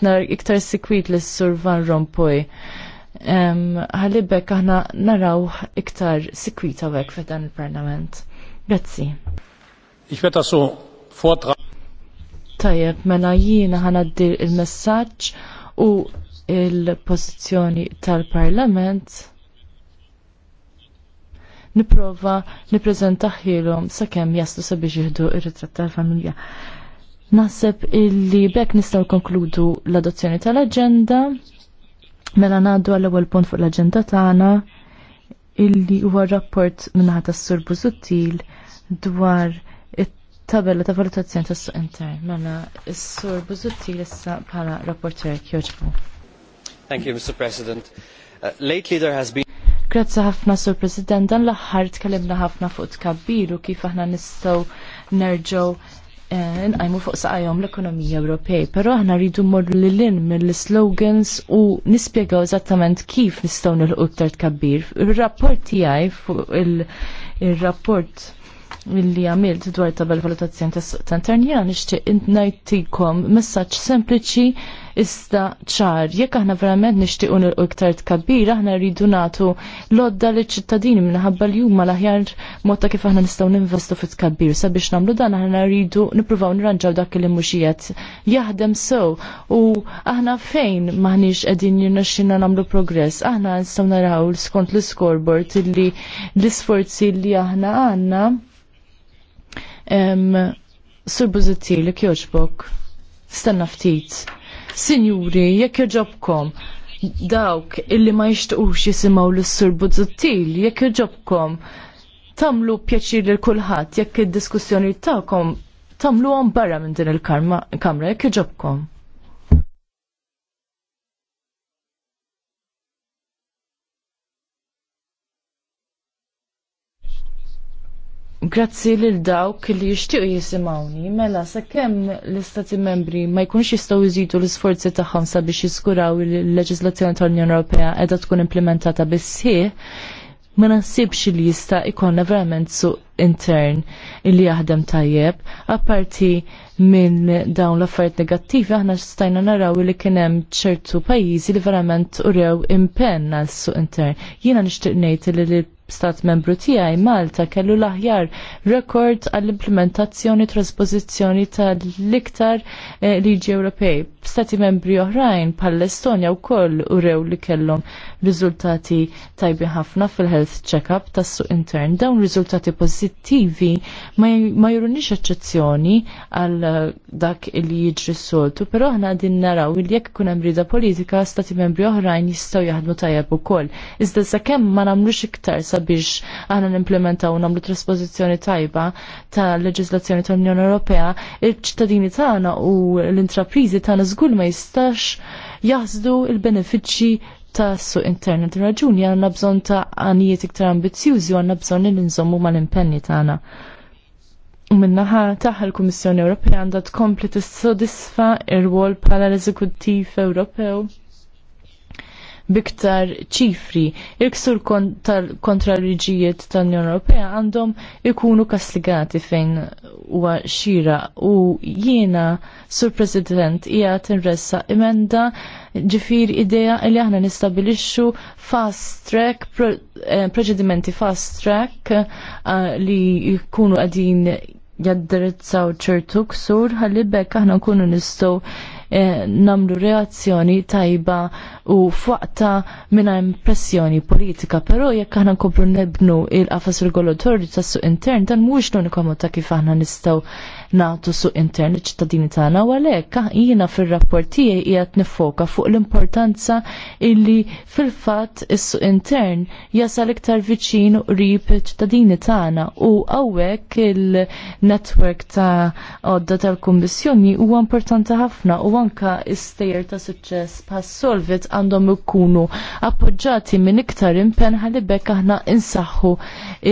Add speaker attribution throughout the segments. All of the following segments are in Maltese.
Speaker 1: nar iktar sikwit s sur Van Rompuy. Għalibek aħna naraw iktar sikwit għawek f'dan il-parlament. Grazzi.
Speaker 2: Ich su fotra.
Speaker 1: Tajab, vortragen. jina mela jiena dir il-messaġġ u il-pozizjoni tal-parlament niprofa sa' sakemm jaslu sabiex jieħdu ir-ritratt tal-familja. Naħseb illi bekk nistaw konkludu l-adozzjoni tal-agenda. Mela ngħaddu għall ewwel punt fuq l-agenda tagħna illi huwa rapport minnaħa tas-Sur Busuttil dwar it-tabella ta' valutazzjoni tas-suq intern. Mela s-Sur Busuttil issa bħala rapporter jogħġbu.
Speaker 2: Thank you, Mr. President. Uh, lately there has been
Speaker 1: Grazzi ħafna Sur President, dan l-aħħar tkellimna ħafna fuq tkabbiru kif aħna nistgħu nerġgħu Eh, nqajmu fuq saqajom l-ekonomija Ewropej, però aħna rridu mmorru lilin mill-slogans u nispjegaw eżattament kif nistgħu nilqu iktar tkabbir. Ir-rapport tiegħi fuq il-rapport li għamilt dwar tabel valutazzjoni ta' interni għan nixtieq ngħidilkom messaġġ sempliċi Ista ċar. Jekk aħna verament nixtiequ nilqu iktar tkabbir, aħna rridu nagħtu lodda liċ ċittadini minħabba li huma l-aħjar mod ta' kif aħna nistgħu ninvestu fit tkabbir. Sabiex nagħmlu dan aħna rridu nippruvaw nirranġaw dak li mhux qed jaħdem sew u aħna fejn maħniex qegħdin jirnexxina nagħmlu progress. Aħna nistgħu naraw skont l-scoreboard illi l-isforzi li aħna għandna Sur Buzzetti, kjoċbok, stanna ftit. Sinjuri, jekk joġobkom, dawk illi ma jixtiequx jisimgħu lis-Sur Buzzuttil, jekk joġobkom, tamlu pjaċir lil kulħadd jekk id-diskussjoni tagħkom tamluhom barra minn din il-kamra jekk joġobkom. Grazzi lil dawk li jixtiequ jisimawni, Mela sakemm l-Istati Membri ma jkunx jistgħu jżidu l-isforzi tagħhom sabiex jiskuraw li l-leġiżlazzjoni tal-Unjoni Ewropea qiegħda tkun implementata bis ma nasibx li jista' ikonna verament suq intern li jaħdem tajjeb, apparti minn dawn l-affarijiet negattivi aħna stajna naraw li kien hemm ċertu pajjiżi li verament urew impenna su suq intern. Jiena nixtieq ngħid li stat membru tiegħi Malta kellu l-aħjar rekord għall-implementazzjoni trasposizzjoni tal-iktar eh, liġi Ewropej. Stati membri oħrajn bħall-Estonja wkoll urew li kellhom riżultati tajbi ħafna fil-health check-up tas-suq intern. Dawn riżultati pożittivi ma jurunix eċċezzjoni għal eh, dak li jiġri soltu, però aħna din naraw li jekk ikun hemm politika stati membri oħrajn jistgħu jaħdmu tajjeb ukoll. Iżda sakemm ma nagħmlux iktar sabiex aħna implementaw nagħmlu trasposizjoni tajba ta' leġislazzjoni tal-Unjoni Ewropea, il-ċittadini tagħna u l-intrapriżi tagħna żgur ma jistax jaħsdu il-benefiċċji ta' su internet. Raġuni għanna bżon ta' għanijiet iktar ambizjużi u għanna bżon li nżommu mal-impenni tagħna. Minnaħa taħ l-Kummissjoni Ewropea għandha tkompli tissodisfa ir-rwol bħala l-Eżekuttiv Ewropew biktar ċifri. Il-ksur kontra l-riġijiet tal-Unjoni Ewropea għandhom ikunu kastigati fejn huwa xira u jiena, Sur President, hija tinressa emenda ġifir ideja li aħna nistabilixxu fast track, eh, proċedimenti fast track eh, li jkunu għadin jaddirizzaw ċertu ksur ħalli bekk aħna nkunu nistgħu eh, namlu reazzjoni tajba u fuqta minna impressjoni politika, però jekk aħna nkomplu nebnu il-qafas regolatorju tas-suq intern dan mhuwiex l ikomu ta' kif aħna nistgħu natu suq intern iċ-ċittadini tagħna u għalhekk jiena fir-rapport tiegħi qiegħed nifoka fuq l-importanza illi fil-fatt is-suq intern jasal iktar viċin u qrib ċittadini tagħna u hawnhekk il-netwerk ta' għodda tal-Kummissjoni huwa importanti ħafna u anka stejjer ta' suċċess pass solvit għandhom ikunu appoġġati minn iktar impenn ħalibek aħna insaħħu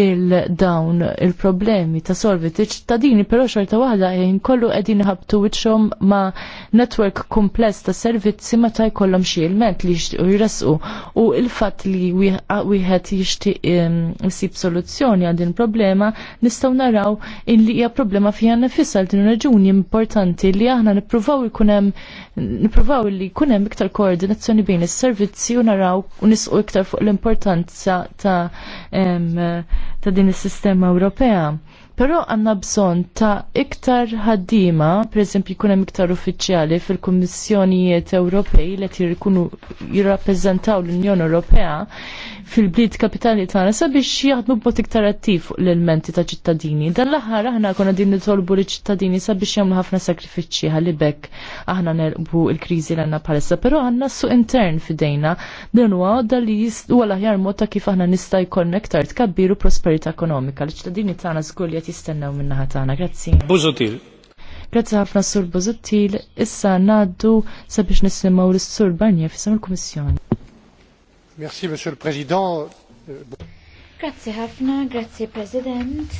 Speaker 1: il-dawn il-problemi ta' solvit iċ-ċittadini però xorta għala jien kollu qegħdin ħabtu wiċċhom ma' netwerk kompless ta' servizzi ma ta' jkollhom xi ilment li jixtiequ u il-fatt li wieħed jixtieq isib soluzzjoni għal din problema nistgħu naraw in li hija problema fiha nifisha din raġuni importanti li aħna nipruvaw ikun nipruvaw nippruvaw li jkun hemm iktar koordinazzjoni bejn is-servizzi u naraw u nisqu iktar fuq l-importanza ta' ta' din is-sistema Ewropea. Però għanna bżon ta' iktar ħaddima, per eżempju, jkun hemm iktar uffiċjali fil-Kummissjonijiet Ewropej li qed jkunu jirrappreżentaw l-Unjoni Ewropea fil-bliet kapitali tagħna sabiex jaħdmu b'mod iktar attiv fuq l elmenti ta' ċittadini. Dan l-aħħar aħna konna din nitolbu li ċittadini sabiex jagħmlu ħafna sakrifiċċji ħalli bekk aħna nerbu l-kriżi l għandna bħalissa, però għandna su intern fidejna din huwa għodda li huwa l-aħjar mod ta' kif aħna nista' jkollna iktar tkabbiru prosperità ekonomika. L-ċittadini tagħna żgur li qed jistennew minnaħa tagħna. Grazzi. Bużutil. Grazzi ħafna s-sur Bozuttil, issa naddu sabiex nisimaw l-sur Barnier fissam il-Komissjoni. Merci, Monsieur le Président.
Speaker 2: Grazie ħafna, grazie President.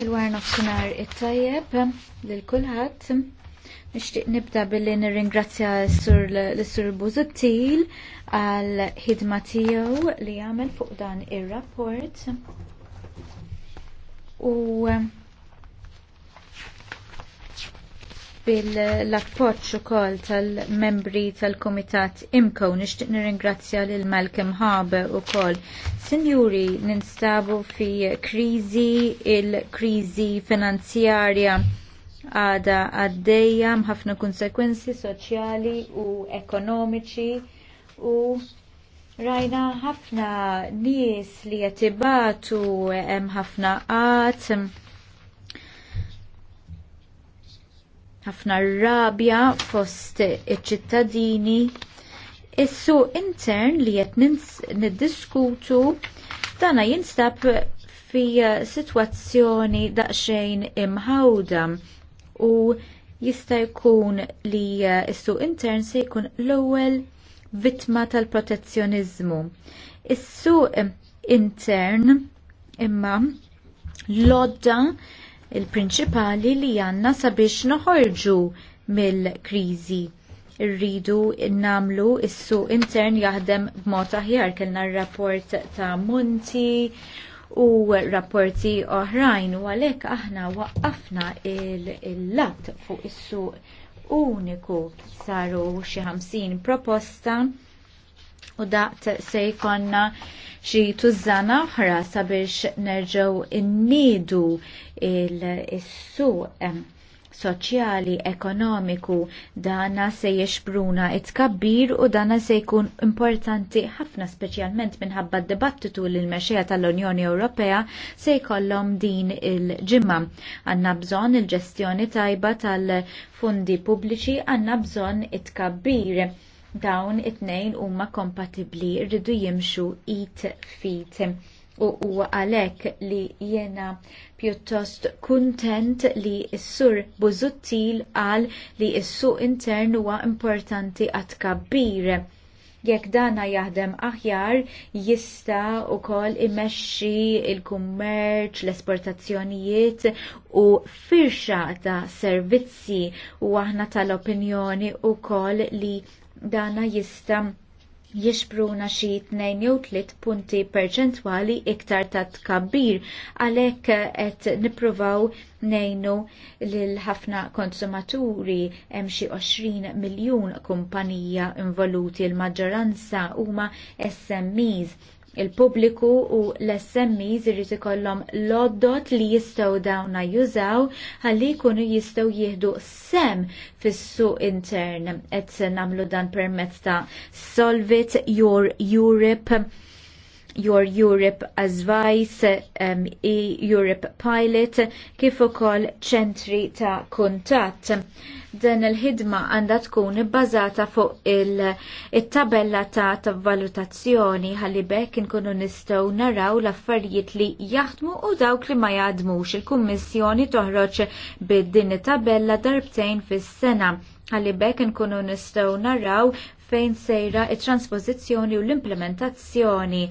Speaker 2: Il-war nofsinar it-tajjeb lil-kulħadd. Nixtieq nibda billi nirringrazzja l-Sur Buzuttil għal ħidma tiegħu li għamel fuq dan ir-rapport. U bil appoġġ ukoll tal-membri tal-Komitat Imko nixtieq nirringrazzja lil Malcolm Harbour ukoll. Sinjuri, ninstabu fi kriżi, il-kriżi finanzjarja għada għaddejja m'ħafna konsekwenzi soċjali u ekonomiċi u Rajna ħafna nies li jatibatu hemm ħafna qatt ħafna rabja fost iċ-ċittadini. Issu intern li qed niddiskutu dana jinstab fi sitwazzjoni daqsxejn imħawda u jista' jkun li issu intern se jkun l-ewwel vittma tal protezzjoniżmu Is-suq intern imma lodda il-prinċipali li għandna sabiex noħorġu mill-kriżi irridu namlu issu intern jaħdem b'mod aħjar kellna r-rapport ta' monti u rapporti oħrajn u għalhekk aħna waqqafna il-lat fuq is-suq uniku saru xi ħamsin proposta u daqt se jkonna xi tużana oħra sabiex nerġgħu innidu il-suq soċjali, ekonomiku, dana se jiexbruna it-kabbir u dana se jkun importanti ħafna speċjalment minħabba d-debattitu l mexija tal-Unjoni Ewropea se jkollhom din il-ġimma. Għanna bżon il-ġestjoni tajba tal-fundi pubbliċi, għanna bżon it-kabbir dawn it-tnejn huma kompatibbli rridu jimxu eat feet u huwa għalhekk li jiena pjuttost kuntent li s-sur bużuttil qal li s-suq intern huwa importanti għat kabbir. Jekk dana jaħdem aħjar jista wkoll imexxi l kummerċ l-esportazzjonijiet u firxa ta' servizzi u aħna tal-opinjoni wkoll li dana jista' jixpruna xi tnejn jew tliet punti perċentwali iktar ta' tkabbir għalhekk qed nippruvaw ngħinu lil ħafna konsumaturi hemm xi 20 miljun kumpanija involuti l-maġġoranza huma SMEs il-pubbliku u l-SMEs irrid ikollhom loddot li jistgħu dawna jużaw ħalli jkunu jistgħu jieħdu sem fis-suq intern qed nagħmlu dan permezz ta' Solvit Your Europe Your Europe Advice, um, e Europe Pilot, kif ukoll ċentri ta' kuntatt. Dan il-ħidma għandha tkun bbażata fuq il-tabella ta', ta valutazzjoni ħalli bekk inkunu nistgħu naraw l-affarijiet li jaħdmu u dawk li ma jaħdmux. Il-Kummissjoni toħroġ bid-din tabella darbtejn fis-sena ħalli bekk nkunu nistgħu naraw fejn sejra il-transpozizjoni u l-implementazzjoni.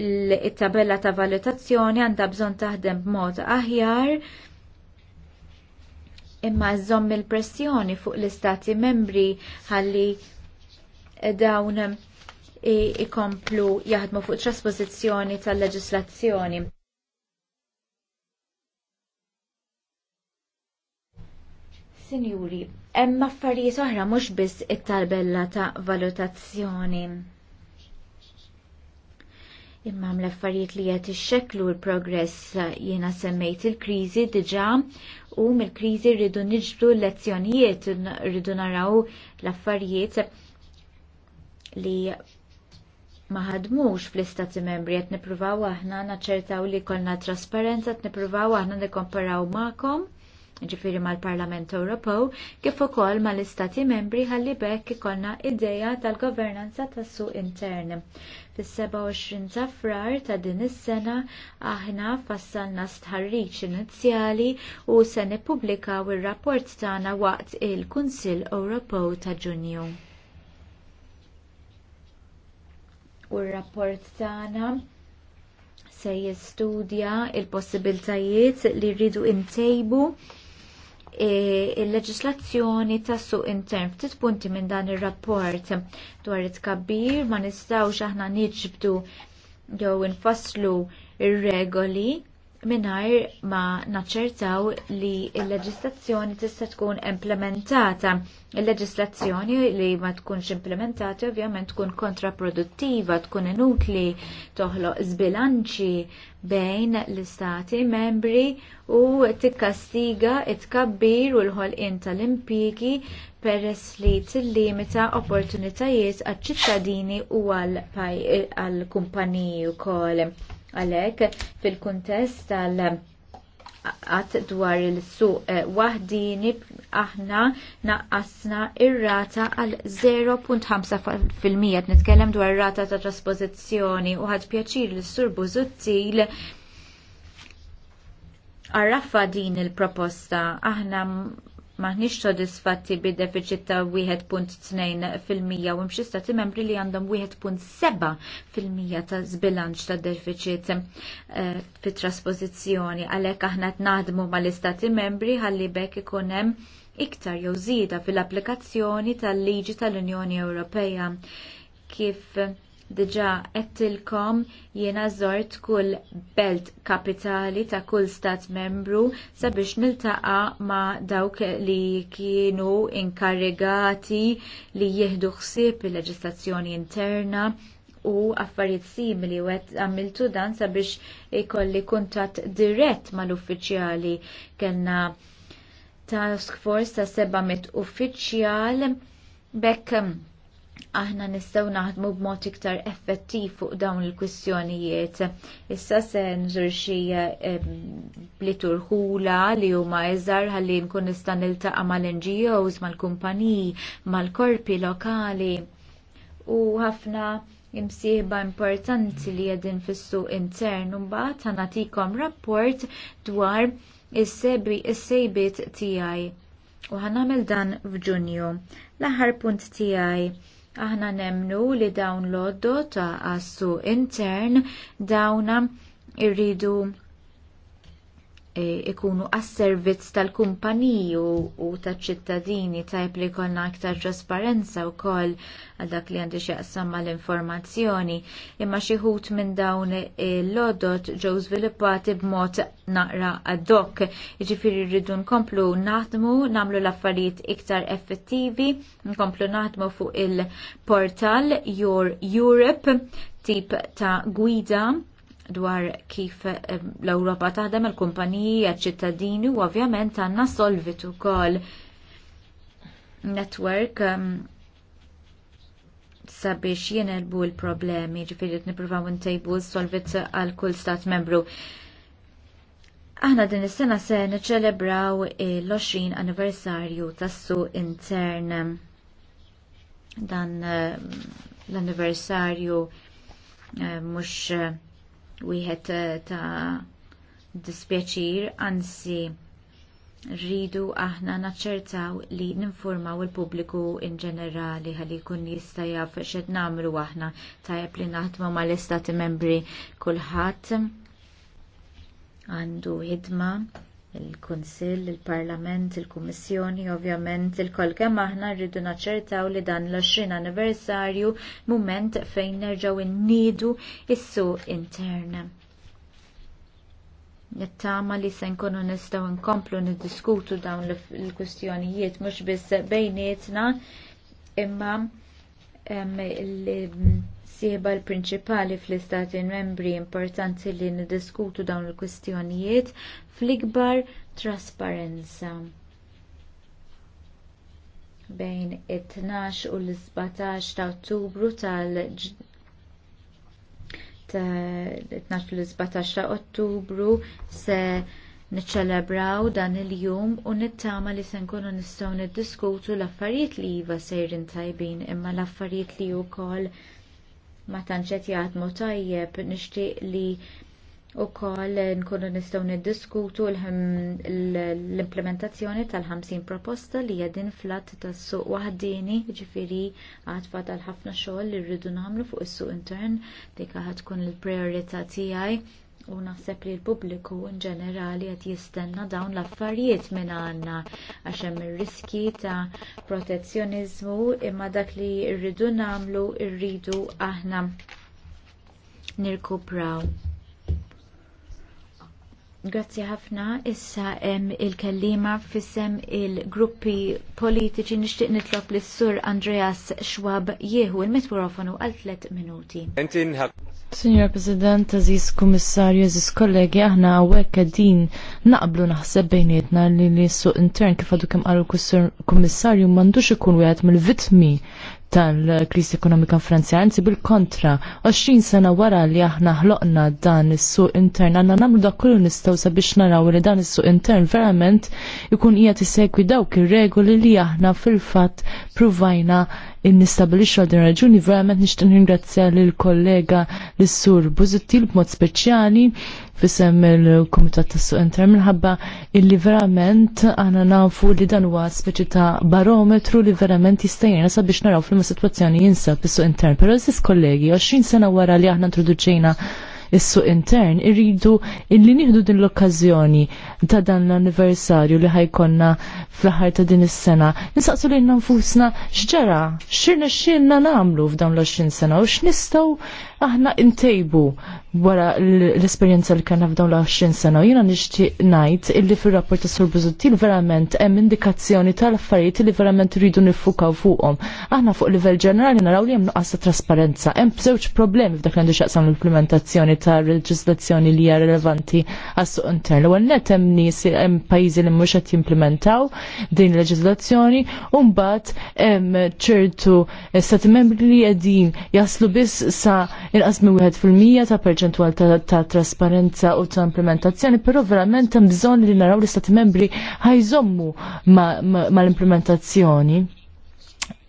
Speaker 2: Il-tabella ta' valutazzjoni għandha bżonn taħdem b'mod aħjar imma żomm il-pressjoni fuq l-istati membri ħalli dawn ikomplu jaħdmu fuq trasposizzjoni tal-leġislazzjoni. Sinjuri, Hemm affarijiet oħra mhux biss it-talbella ta' valutazzjoni. Imma hemm l-affarijiet li qed ixxekklu l-progress jiena semmejt il-kriżi diġà u mill-kriżi rridu niġbdu l-lezzjonijiet, rridu naraw l-affarijiet li ma ħadmux fl-istati membri qed nippruvaw aħna naċċertaw li jkollna trasparenza, qed nippruvaw aħna nikkomparaw magħkom ġifiri mal-Parlament Ewropew, kif ukoll mal-Istati membri ħalli bekk ikollna ideja tal-governanza tas-suq intern. Fis-27 ta' frar ta' din is-sena aħna fassalna stħarriġ inizjali u se nippubblikaw ir-rapport tagħna waqt il-Kunsill Ewropew ta' Ġunju. U r-rapport tagħna se jistudja l possibiltajiet li rridu intejbu E, il-leġislazzjoni ta' suq intern ftit punti minn dan ir-rapport dwar it-kabbir ma nistgħux aħna niġbdu jew infasslu ir-regoli minnajr ma naċċertaw li il-leġislazzjoni tista' tkun implementata. Il-leġislazzjoni li ma tkunx implementata ovvjament tkun kontraproduttiva, tkun inutli, toħloq zbilanċi bejn l-istati membri u tikkastiga it-kabbir u l-ħolqien tal-impjigi peress li tillimita opportunitajiet għal ċittadini u għal kumpaniji wkoll Għalhekk fil-kuntest tal għat dwar il-suq eh, wahdini aħna naqqasna ir-rata għal 0.5% nitkellem dwar rata ta' trasposizzjoni u ħad pjaċir l-sur Buzuttil għarraffa din il-proposta aħna Maħniex sodisfatti bi deficit ta' 1.2 fil-mija u mxi stati membri li għandhom 1.7 fil-mija ta' zbilanċ ta' deficit eh, fit trasposizjoni għalek aħna t-naħdmu mal-istati membri għalli bekk ikunem iktar jew zida fil-applikazzjoni tal-liġi tal-Unjoni Ewropea kif Diġa għettilkom jiena zort kull belt kapitali ta' kull stat membru sabiex niltaqa ma' dawk li kienu inkarigati li jieħdu ħsieb il-leġislazzjoni interna u affarijiet simili u għet għamiltu dan sabiex ikolli kuntat dirett mal-uffiċjali kellna task force ta' 700 uffiċjal bekk aħna nistgħu naħdmu b'mod iktar effettiv fuq dawn il-kwistjonijiet. Issa se nżur xi li turħula li huma iżgħar ħalli nkun nista' niltaqa' mal-NGOs, mal-kumpaniji, mal-korpi lokali u ħafna imsieħba importanti li qegħdin fissu intern u mbagħad ħanatikom rapport dwar is sejbit is-sejbiet tiegħi u ħanamel dan f'Ġunju. L-aħħar punt tiegħi Aħna nemnu li dawn l-oddo ta' intern dawna irridu E, ikunu għas-servizz tal-kumpaniju u taċ-ċittadini tajb li jkollna aktar trasparenza wkoll għal dak li għandi xieqsam mal informazzjoni imma xi minn dawn l-odot ġew sviluppati b'mod naqra ad hoc. Jiġifieri rridu nkomplu naħdmu, nagħmlu l-affarijiet iktar effettivi, nkomplu naħdmu fuq il-portal Your Europe tip ta' gwida dwar kif eh, l-Ewropa taħdem il-kumpaniji għal-ċittadini u ovvjament għanna solvitu kol network um, sabiex jenerbu l-problemi, ġifiri t-niprofaw n-tejbu solvit għal kull stat membru. Aħna din is-sena se niċċelebraw l-20 anniversarju tas-su intern dan eh, l-anniversarju eh, mhux wieħed eh, ta' dispjaċir, anzi rridu aħna naċċertaw li ninformaw il-pubbliku in ġenerali ħalli jkun jista' jaf x'qed nagħmlu aħna tajjeb li naħdmu mal-istati membri kulħadd għandu ħidma il-Kunsill, il-Parlament, il-Kummissjoni, ovvjament il-kol kemm aħna rridu naċċertaw li dan l-20 anniversarju mument fejn nerġgħu nnidu is-suq intern. Nittama li se nkunu nistgħu nkomplu niddiskutu dawn l-kwistjonijiet mhux biss bejnietna imma Sieba l-prinċipali fl-istati membri importanti li niddiskutu dawn il-kwistjonijiet fl-ikbar trasparenza bejn it-12 u l-17 ta' Ottubru tal- ta' 12 u l-17 ta' Ottubru se niċċelebraw dan il-jum u nittama li se nkunu nistgħu niddiskutu l-affarijiet li iva sejrin tajbin imma l-affarijiet li wkoll ma tanċet jgħatmu tajjeb nixtieq li u koll nkunu nistaw niddiskutu l-implementazzjoni tal-50 proposta li jedin flat tas suq wahdini ġifiri għad fadal ħafna xoll li rridu namlu fuq is suq intern dika ħatkun il prijorità tijaj u naħseb li l-pubbliku ġenerali qed jistenna dawn l-affarijiet minn għandna għax hemm ir-riski ta' protezzjoniżmu imma dak li rridu nagħmlu rridu aħna nirkupraw. Grazzi ħafna. Issa hemm il-kellima fissem il-gruppi politiċi nixtieq nitlob lis sur Andreas Schwab jieħu il-mikrofonu għal tliet minuti.
Speaker 1: Signor President, Aziz Kummissarju, Aziz kollegi, aħna għawek din naqblu naħseb bejnietna li li suq intern kif għadu kemm qalu kummissarju m'għandux ikun wieħed mill-vitmi tal-krisi ekonomika Franzja, għanzi bil-kontra, 20 sena wara li aħna ħloqna dan is-suq intern, għanna namlu da kullu nistaw sabiex naraw li dan is-suq intern verament ikun qiegħed isegwi dawk ir-regoli li aħna fil-fatt provajna nistabilixxu għal din raġuni verament nixtieq ringrazzja lill kollega lis-sur Bużuttil b'mod speċjali fissem il-Kumitat tas-Suq Intern minħabba illi verament aħna nafu li dan huwa speċi ta' barometru li verament jistajjena sabiex naraw fil ma sitwazzjoni jinsab fis suq Intern. Però eżis kollegi, 20 sena wara li aħna introduċejna is-suq intern irridu illi nieħdu din l-okkażjoni ta' dan l-anniversarju li ħajkonna fl-aħħar ta' din is-sena. Nistaqsu lilna nfusna x'ġara, x'irna x'inna nagħmlu f'dawn l-20 sena u x'nistgħu aħna intejbu wara l-esperjenza li kellna f'dawn l-20 sena. Jiena nixtieq ngħid illi fir-rapport tas-Sur verament hemm indikazzjoni tal-affarijiet li verament rridu nifukaw fuqhom. Aħna fuq livell ġenerali naraw li hemm nuqqas ta' trasparenza. Hemm żewġ problemi f'dak li xaqsam l-implementazzjoni ta' leġislazzjoni li hija relevanti għas-suq intern. L-ewwel net hemm nies hemm pajjiżi li mhux qed jimplementaw din il-leġiżlazzjoni u mbagħad hemm ċertu stati membri li qegħdin jaslu biss sa' inqas minn wieħed fil-mija ta' perċentwal ta' trasparenza u ta' implementazzjoni, però verament hemm bżonn li naraw l-istati membri ħajżommu mal-implementazzjoni.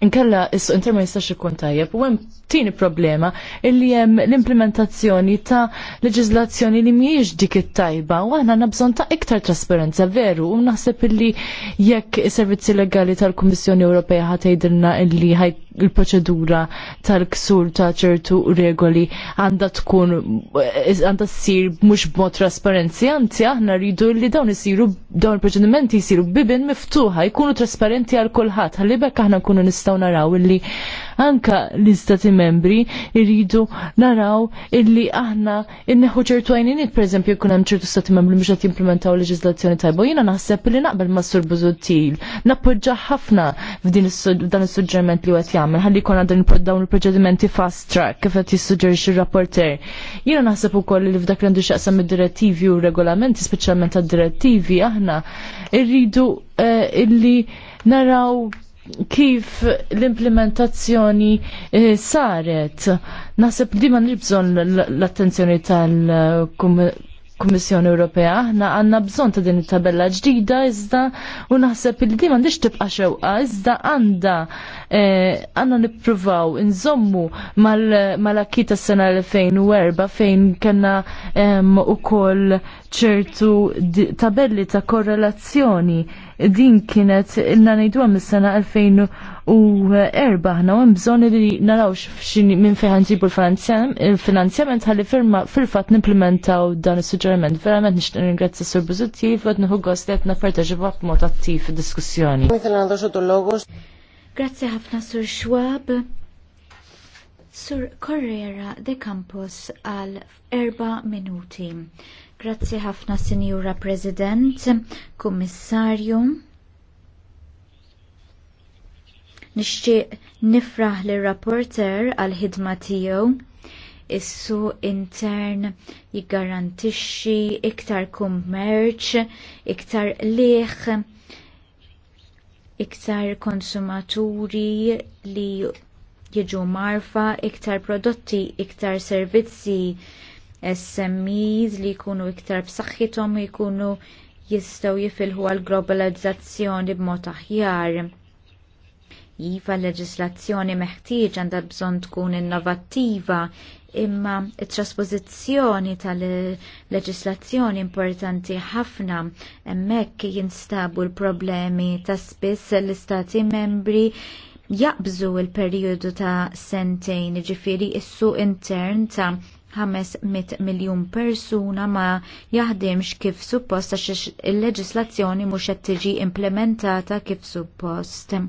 Speaker 1: Inkella issu inter ma jistax ikun tajjeb u hemm tieni problema illi hemm l-implementazzjoni ta' leġislazzjoni li mhijiex dik it-tajba u aħna għandna bżonn ta' iktar trasparenza veru u naħseb illi jekk is-servizzi legali tal-Kummissjoni Ewropea ħatejdilna illi ħajt il-proċedura tal-ksur ta' ċertu regoli għandha tkun għandha ssir mhux b'mod trasparenzi, anzi aħna rridu li dawn isiru dawn il-proċedimenti jisiru bibin miftuħa, jkunu trasparenti għal kulħadd, għalli bekk aħna nkunu nistgħu naraw illi anka l-istati membri irridu naraw illi aħna inneħu ċertu għajniniet, per eżempju, jkun hemm ċertu stati membri mhux qed jimplementaw leġizlazzjoni tajba. Jina naħseb li naqbel ma' Sur Buzutil, nappoġġa ħafna f'din dan is-suġġerment li qed tagħmel ħalli jkun dan dawn il-proċedimenti fast track kif qed jissuġġerixxi r-rapporter. Jiena naħseb ukoll li f'dak li għandu x'aqsam id-direttivi u regolamenti speċjalment tad-direttivi aħna rridu eh, illi naraw kif l-implementazzjoni eh, saret. Naħseb li ma nibżon l-attenzjoni tal-Kummissjoni Ewropea, aħna għanna bżon ta' din it-tabella ġdida iżda u naħseb li di m'għandix tibqa' xewqa iżda għandha Eh, għanna nippruvaw nżommu mal-akki tas sena 2004 fejn kanna u koll ċertu tabelli ta' korrelazzjoni din kienet inna nejdu għam sena 2004 ħna għam bżon li narawx minn fejħan ġibu l-finanzjament għalli firma fil-fat nimplementaw dan il-sugġerament. Verament nishtan ringrazzi s-sur Buzutti, fil-fat nħu għostet naferta ġibu għab mod attiv diskussjoni.
Speaker 2: Grazzi ħafna Sur Schwab. Sur Correra de Campos għal erba minuti. Grazzi ħafna Sinjura President, Kummissarju. Nixtieq nifraħ li rapporter għal ħidma tiegħu issu intern jiggarantixxi iktar kummerċ, iktar liħ iktar konsumaturi li jiġu marfa, iktar prodotti, iktar servizzi, SMEs li jkunu iktar b'saħħithom jkunu jistgħu jifilħu għal globalizzazzjoni b'mod aħjar. Iva l leġislazzjoni meħtieġ għandha bżonn tkun innovattiva imma it-traspożizzjoni tal-leġislazzjoni importanti ħafna hemmhekk jinstabu l-problemi ta' spiss l-istati membri jaqbżu il-perjodu ta' sentejn ġifiri issu intern ta' 500 miljun persuna ma jaħdimx kif suppost għax il-leġislazzjoni mhux qed tiġi implementata kif suppost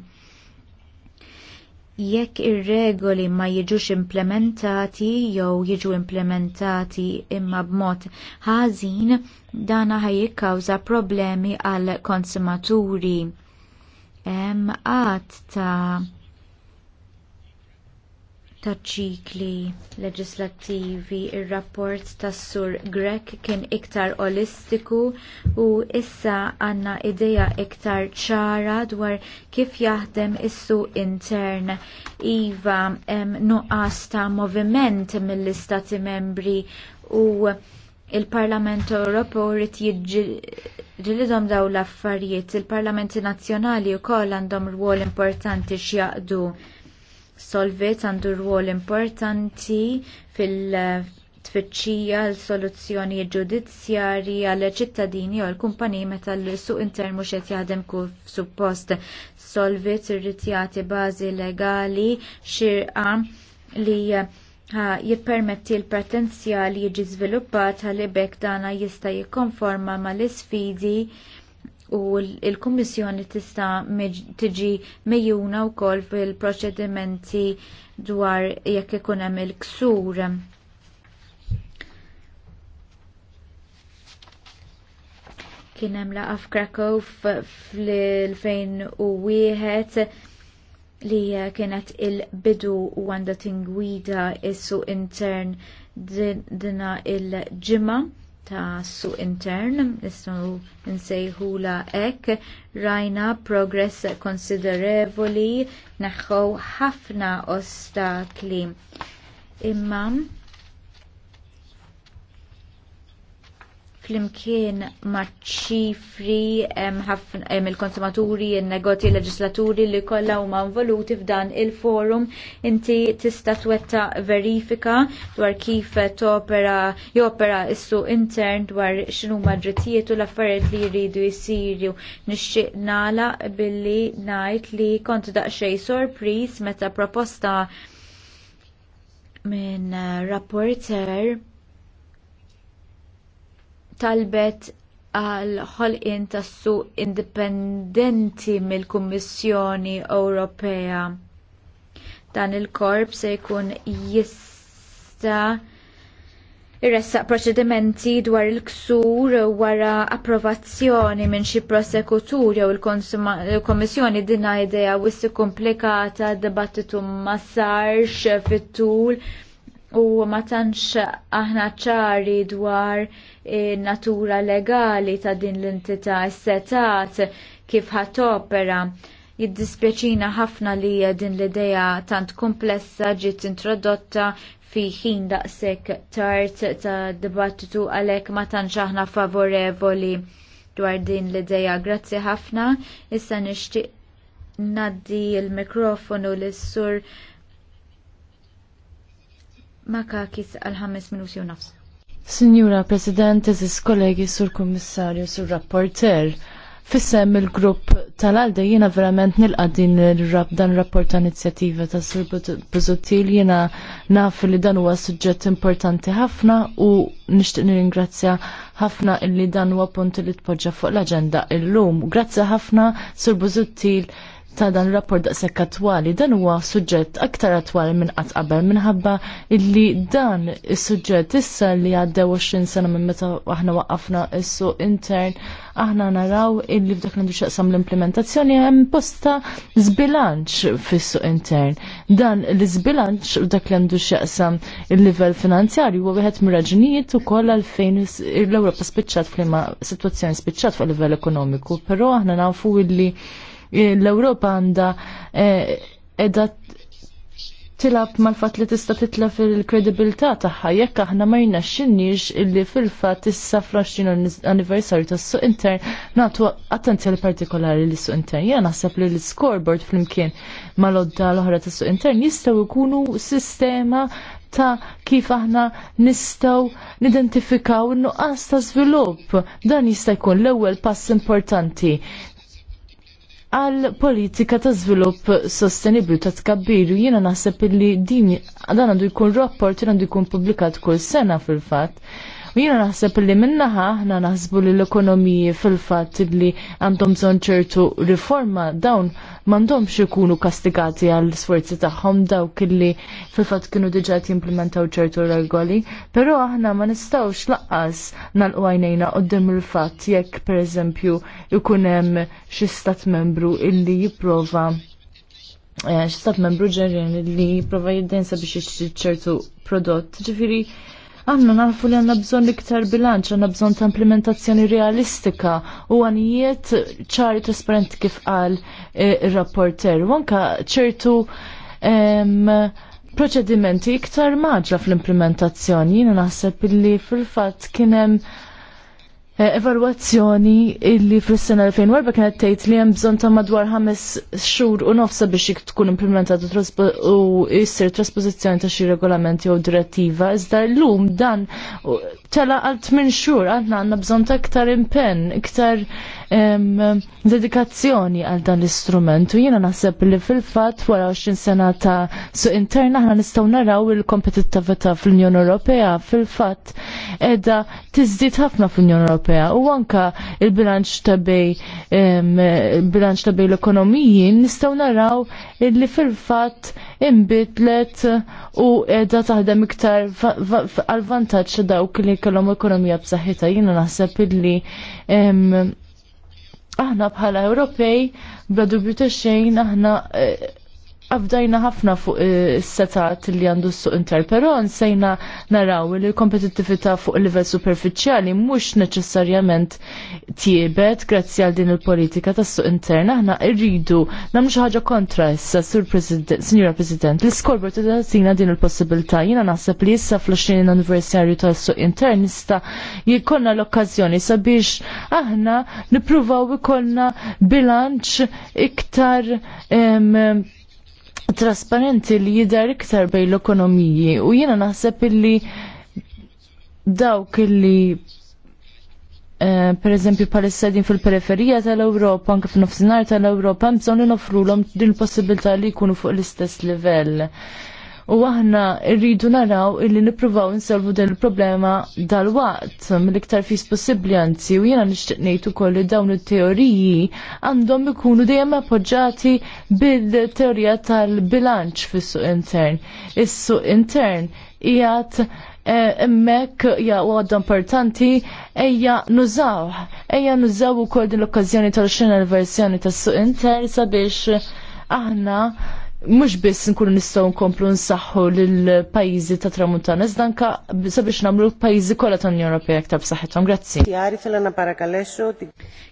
Speaker 2: jekk ir-regoli ma jiġux implementati jew jiġu implementati imma b'mod ħażin, dan ħaj jikkawża problemi għal konsumaturi. Hemm qatt ta' ta' ċikli leġislattivi ir-rapport tas sur Grek kien iktar olistiku u issa għandna idea iktar ċara dwar kif jaħdem is-suq intern. Iva hemm nuqqas ta' moviment mill-istati membri u l parlament Ewropew rrit ġilidhom daw l-affarijiet, il-Parlamenti Nazzjonali wkoll għandhom rwol importanti x'jaqdu Solvit għandu rwol importanti fil- tfittxija l soluzzjoni ġudizzjarji għal ċittadini u l-kumpaniji meta l-suq intern mhux qed jaħdem kif suppost solvit irrid jagħti bażi legali xirqa li jippermetti l-potenzjal jiġi żviluppat b'hekk dana jista' jikkonforma mal isfidi u l-Kummissjoni tista' tiġi mejjuna wkoll fil-proċedimenti dwar jekk ikun hemm il-ksur. Kien hemm laqa f'Krakow fl-2001 li kienet il-bidu u għandha tingwida is-suq intern dina il-ġimgħa ta' su intern, nsejhu la ek, rajna progress konsiderevoli, naħħu ħafna ostakli. Imma flimkien maċċifri ċifri il-konsumaturi, il negoti il-leġislaturi li kollha huma involuti f'dan il-forum inti tista' twetta verifika dwar kif topera jopera issu intern dwar x'inhuma drittijiet u l-affarijiet li jridu jsiru. Nixtieq nagħla billi ngħid li kont daqsxejn sorpriż meta proposta minn rapporter talbet għal ħolqien tassu indipendenti mill-Kummissjoni Ewropea. Dan il-korp se jkun jista' irressaq proċedimenti dwar il-ksur wara approvazzjoni minn xi prosekutur jew il-Kommissjoni dinha idea wissi komplikata d-dibattitu ma sarx fit-tul u ma tantx aħna ċari dwar natura legali ta' din l-entità, s-setat, kif opera. Jiddispjaċina ħafna li din l-ideja tant komplessa ġiet introdotta fi ħin daqshekk tard ta' dibattitu għalhekk ma tantx aħna favorevoli dwar din l-ideja. Grazzi ħafna. Issa nixtieq naddi l-mikrofonu lis-sur Makakis għal ħames minuti u nafs.
Speaker 1: Signora President, eżis kollegi, sur kommissarju, sur rapporter, fissem il-grupp tal-għalde jena verament nilqa din il-rab dan rapport ta' inizjativa ta' Sur Buzutil jena naf li dan huwa suġġett importanti ħafna u nixtieq nirringrazzja ħafna illi dan huwa punt li tpoġġa fuq l-aġenda illum. Grazzi ħafna Sur Buzutil ta' dan rapport daqshekk attwali dan huwa suġġett aktar attwali minn qatt qabel minħabba illi dan is-suġġett issa li għaddew 20 sena minn meta aħna waqqafna is-suq intern aħna naraw illi f'dak li xaqsam l-implementazzjoni hemm posta żbilanċ fis-suq intern. Dan l-żbilanċ f'dak li għandu xaqsam il-livell finanzjarju huwa wieħed mir-raġunijiet ukoll għalfejn l-Ewropa spiċċat f'liema sitwazzjoni spiċċat fuq livell ekonomiku, però aħna nafu illi l-Ewropa għandha eh, edha tilab mal-fat li tista' titla fil-kredibilità tagħha jekk aħna ma jnaxxinniex illi fil-fatt issa fl-20 anniversarju tas-suq intern nagħtu attenzjoni partikolari lis suq intern. jena naħseb li l-scoreboard flimkien mal-odda l-oħra tas-suq intern jistaw jkunu sistema ta' kif aħna nistaw nidentifikaw n-nuqqas ta' svilupp. Dan jista' jkun l-ewwel pass importanti għal politika ta' żvilupp sostenibli ta' Tkabbiru jiena naħseb li din dan għandu jkun rapport għandu jkun publikat kull sena fil-fatt. U jiena naħseb li minnaħa aħna naħsbu li l-ekonomiji fil-fatt li għandhom bżonn ċertu riforma dawn m'għandhomx ikunu kastigati għall sforzi tagħhom dawk li fil-fatt kienu diġà jimplementaw ċertu regoli, però aħna ma nistgħux laqqas nalqu għajnejna qudiem il-fatt jekk pereżempju ikun hemm xi stat membru illi jipprova eh, xistat membru ġerjen li prova jiddensa biex ċertu prodott, ġifiri Aħna nafu li għanna bżon iktar bilanċ, għanna bżon ta' implementazzjoni realistika u għanijiet ċari trasparenti kif qal eh, il-rapporter. U ċertu proċedimenti iktar maġra fl-implementazzjoni. Jina naħseb illi fil-fat kienem hemm Eh, evalwazzjoni illi fis-sena 2004 kienet tgħid li hemm bżonn ta' madwar ħames xhur u nofsa biex tkun implementata u jsir trasposizzjoni ta' xi regolamenti jew direttiva, iżda llum dan tela għal tmien xhur għandna għandna bżonn ta' iktar impenn, iktar dedikazzjoni għal dan l-istrument u jiena naħseb li fil-fatt wara 20 sena ta' su interna aħna nistgħu naraw il-kompetittività fl-Unjoni Ewropea fil-fatt edha tiżdied ħafna fl-Unjoni Ewropea u anka il-bilanċ ta' bej il-bilanċ ta' bej l-ekonomiji nistgħu naraw li fil-fatt imbidlet u edha taħdem iktar għal vantaġġ dawk li kellhom ekonomija b'saħħitha jiena naħseb illi aħna bħala Ewropej bla dubju ta' xejn aħna eh, Abdajna ħafna fuq is-setat eh, li għandu s-suq inter, però nsejna naraw li l fuq il-livell superfiċjali mhux neċessarjament tiebet grazzi għal din il-politika tas-suq inter. Aħna rridu nagħmlu xi ħaġa kontra issa, Sur President, Sinjura President, l-iskorbor tagħtina din il-possibilità. Jiena naħseb li issa fl-20 anniversarju tas-suq intern nista' jkollna l-okkażjoni sabiex aħna nippruvaw ikollna bilanċ iktar trasparenti li jidher iktar bejn l-ekonomiji u jiena naħseb illi dawk illi eh, per eżempju palissa fil-periferija tal-Ewropa, anke f'nofsinhar tal-Ewropa, hemm bżonn li nofrulhom din il possibilità li jkunu fuq l-istess livell u aħna rridu naraw illi nippruvaw insolvu din il-problema dal-waqt mill-iktar fis possibbli anzi u jiena nixtieq ngħid ukoll li dawn it-teoriji għandhom ikunu dejjem appoġġjati bil-teorija tal-bilanċ fis-suq intern. Is-suq intern ijat eh, emmek ja għadda importanti eja nużaw eja nużaw u kol din l-okkazjoni tal-xena l-versjoni tas suq inter sabiex aħna mux biss nkunu nistgħu nkomplu nsaħħu lill-pajjiżi ta' tramuntana, iżda anka sabiex nagħmlu pajjiżi kollha ta' unjoni Ewropea aktar b'saħħithom. Grazzi.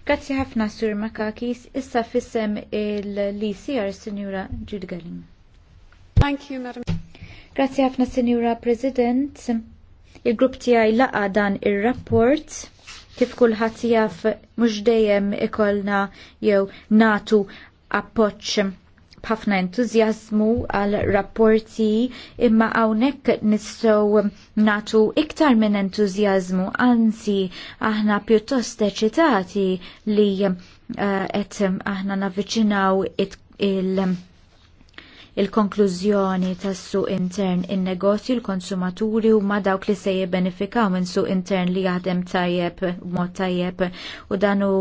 Speaker 2: Grazzi ħafna Sur Makakis, issa fissem il-LCR Sinjura Jude Gallim. Thank you, Madam. Grazzi ħafna senjura President. Il-grupp tiegħi laqa dan ir-rapport kif kulħadd jaf mhux dejjem ikollna jew natu appoġġ b'ħafna entużjażmu għal rapporti imma hawnhekk nistgħu natu iktar minn entużjażmu anzi aħna pjuttost eċitati li eh, qed aħna naviċinaw il- il-konklużjoni tas suq intern in-negozju l-konsumaturi huma dawk li se jibbenefikaw minn suq intern li jaħdem tajjeb b'mod tajjeb u dan hu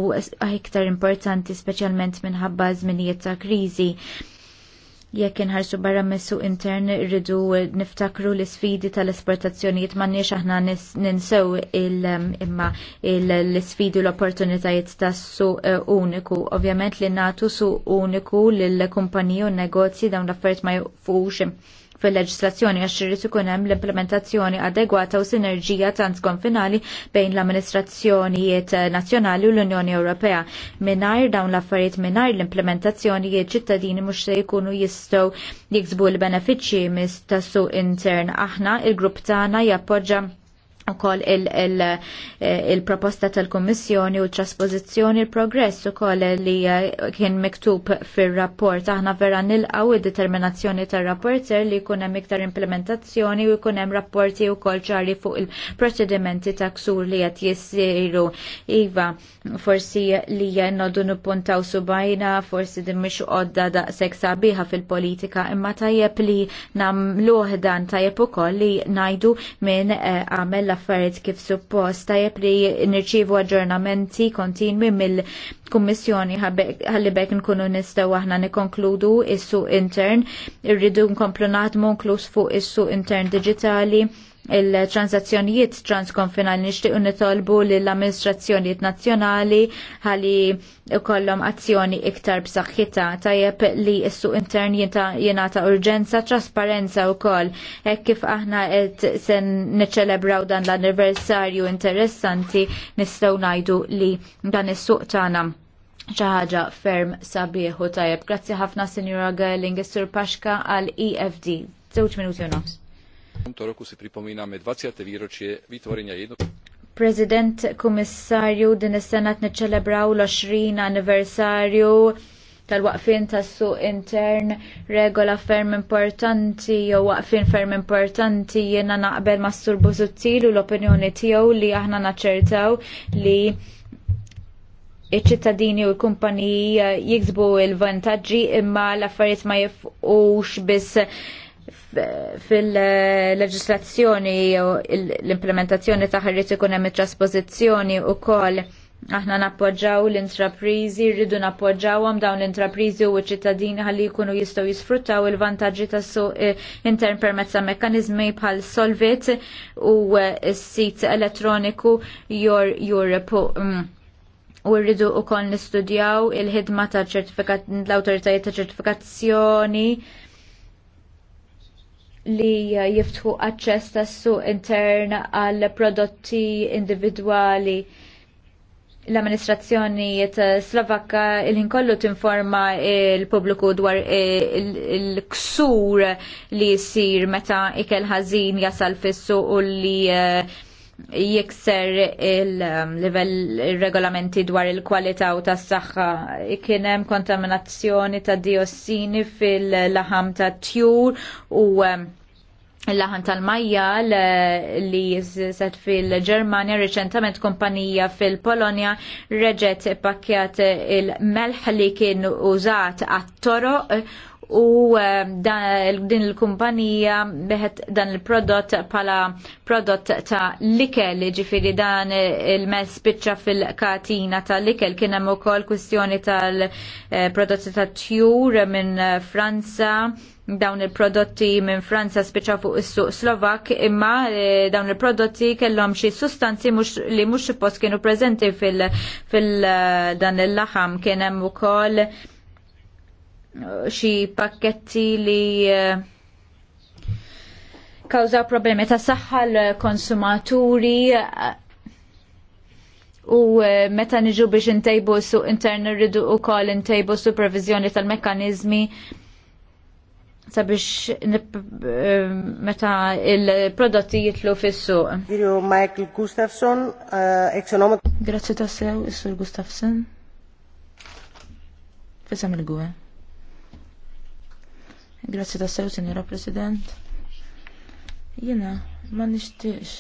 Speaker 2: iktar importanti speċjalment minħabba żminijiet ta' kriżi Jekk inħarsu barra messu intern rridu niftakru l isfidi tal-esportazzjonijiet m'għandniex aħna ninsew um, imma l-isfidi u l-opportunitajiet tas suq uh, uniku. Ovvjament li nagħtu su uniku lill kumpaniji u negozji dawn l-affarijiet ma jfux fil-leġislazzjoni għax irrid ikun hemm l-implementazzjoni adegwata u sinerġija transkonfinali bejn l-amministrazzjonijiet nazzjonali u l-Unjoni Ewropea. Mingħajr dawn l-affarijiet mingħajr l-implementazzjoni ċittadini mhux se jkunu jistgħu jiksbu l-benefiċċji mis tassu intern aħna il-grupp tagħna jappoġġa ukoll eh, il-proposta tal-Kommissjoni u traspożizzjoni l-progress ukoll li eh, kien miktub fir-rapport aħna vera nilqgħu id-determinazzjoni tar-rapporter li jkun hemm iktar implementazzjoni u jkun hemm rapporti wkoll ċari fuq il-proċedimenti ta' ksur li qed jessiru. Iva, forsi li u puntaw subajna, forsi dimmix għodda da' seksa biħa fil-politika, imma tajjeb li namluħ dan tajjeb ukoll li najdu minn eh, għamella affarijiet kif suppost tajjeb li nirċievu aġġornamenti kontinwi mill-Kummissjoni ħalli bekk nkunu nistgħu aħna nikkonkludu is-suq intern, irridu nkomplu naħdmu nklus fuq is-suq intern diġitali il-transazzjonijiet transkonfinali nixtiequ nitolbu lill amministrazzjonijiet nazzjonali ħalli kollom azzjoni iktar b'saħħitha tajjeb li s-suq intern jingħata urġenza trasparenza wkoll hekk kif aħna qed se niċċelebraw dan l-anniversarju interessanti nistgħu ngħidu li dan is-suq tagħna xi ħaġa ferm sabiħu u tajjeb. Grazzi ħafna Sinjura Gerling, Sur Paxka għal EFD. Żewġ minuti u nofs. President Kummissarju din is-sena niċċelebraw l-20 anniversarju tal-waqfin tas-suq intern regola ferm importanti jew waqfin ferm importanti jiena naqbel ma' sur Busuttil u l-opinjoni tiegħu li aħna naċċertaw li iċ-ċittadini u l-kumpaniji jiksbu l vantaġġi imma l-affarijiet ma jifqux biss fil-leġislazzjoni u l-implementazzjoni ta' ħarrit ikun hemm it-trasposizzjoni wkoll aħna nappoġġaw l-intraprizi, rridu nappoġġawhom dawn l-intraprizi u ċittadini ħalli jkunu jistgħu jisfruttaw il-vantaġġi tas-suq eh, intern permezz ta' mekkaniżmi bħal Solvit u s-sit elettroniku Your Europe. Mm. U rridu wkoll nistudjaw il-ħidma ta' l-awtoritajiet ta' ċertifikazzjoni li uh, jiftħu aċċess tas-suq intern għal prodotti individwali l amministrazzjoni uh, Slovakka il-inkollu tinforma il-pubbliku dwar eh, il-ksur li jsir meta ikel ħażin jasal fis u li eh, jikser il-level um, regolamenti dwar il-kwalità u tas saħħa kien hemm kontaminazzjoni ta' diossini fil-laħam ta' tjur u um, l-laħan tal-majja uh, li jizzet fil-Germania reċentament kompanija fil-Polonia reġet pakjat il-melħ li kien użat għat-toro uh, u eh, din il-kumpanija beħet dan il-prodott pala prodott ta' likel ġifiri dan il-mess spiċċa fil-katina ta' likel kien hemm ukoll kwistjoni tal-prodotti eh, ta' tjur minn Franza dawn il-prodotti minn Franza spiċċa fuq is-suq Slovak imma eh, dawn il-prodotti kellhom xi sustanzi mhux li mhux suppost kienu preżenti fil dan il-laħam kien hemm ukoll xi pakketti li eh, kawżaw problemi ta' saħħa l-konsumaturi eh, u eh, meta niġu biex intejbu su intern rridu u kol intejbu supervizjoni tal mekanizmi sabiex
Speaker 3: meta il-prodotti jitlu fis-suq. Michael Gustafsson, ekonomik. Grazzi ta' sew, Sir Gustafsson. Fisem il-gwe. Grazzi ta' sew, Sinjora President. Jena, ma nixtiex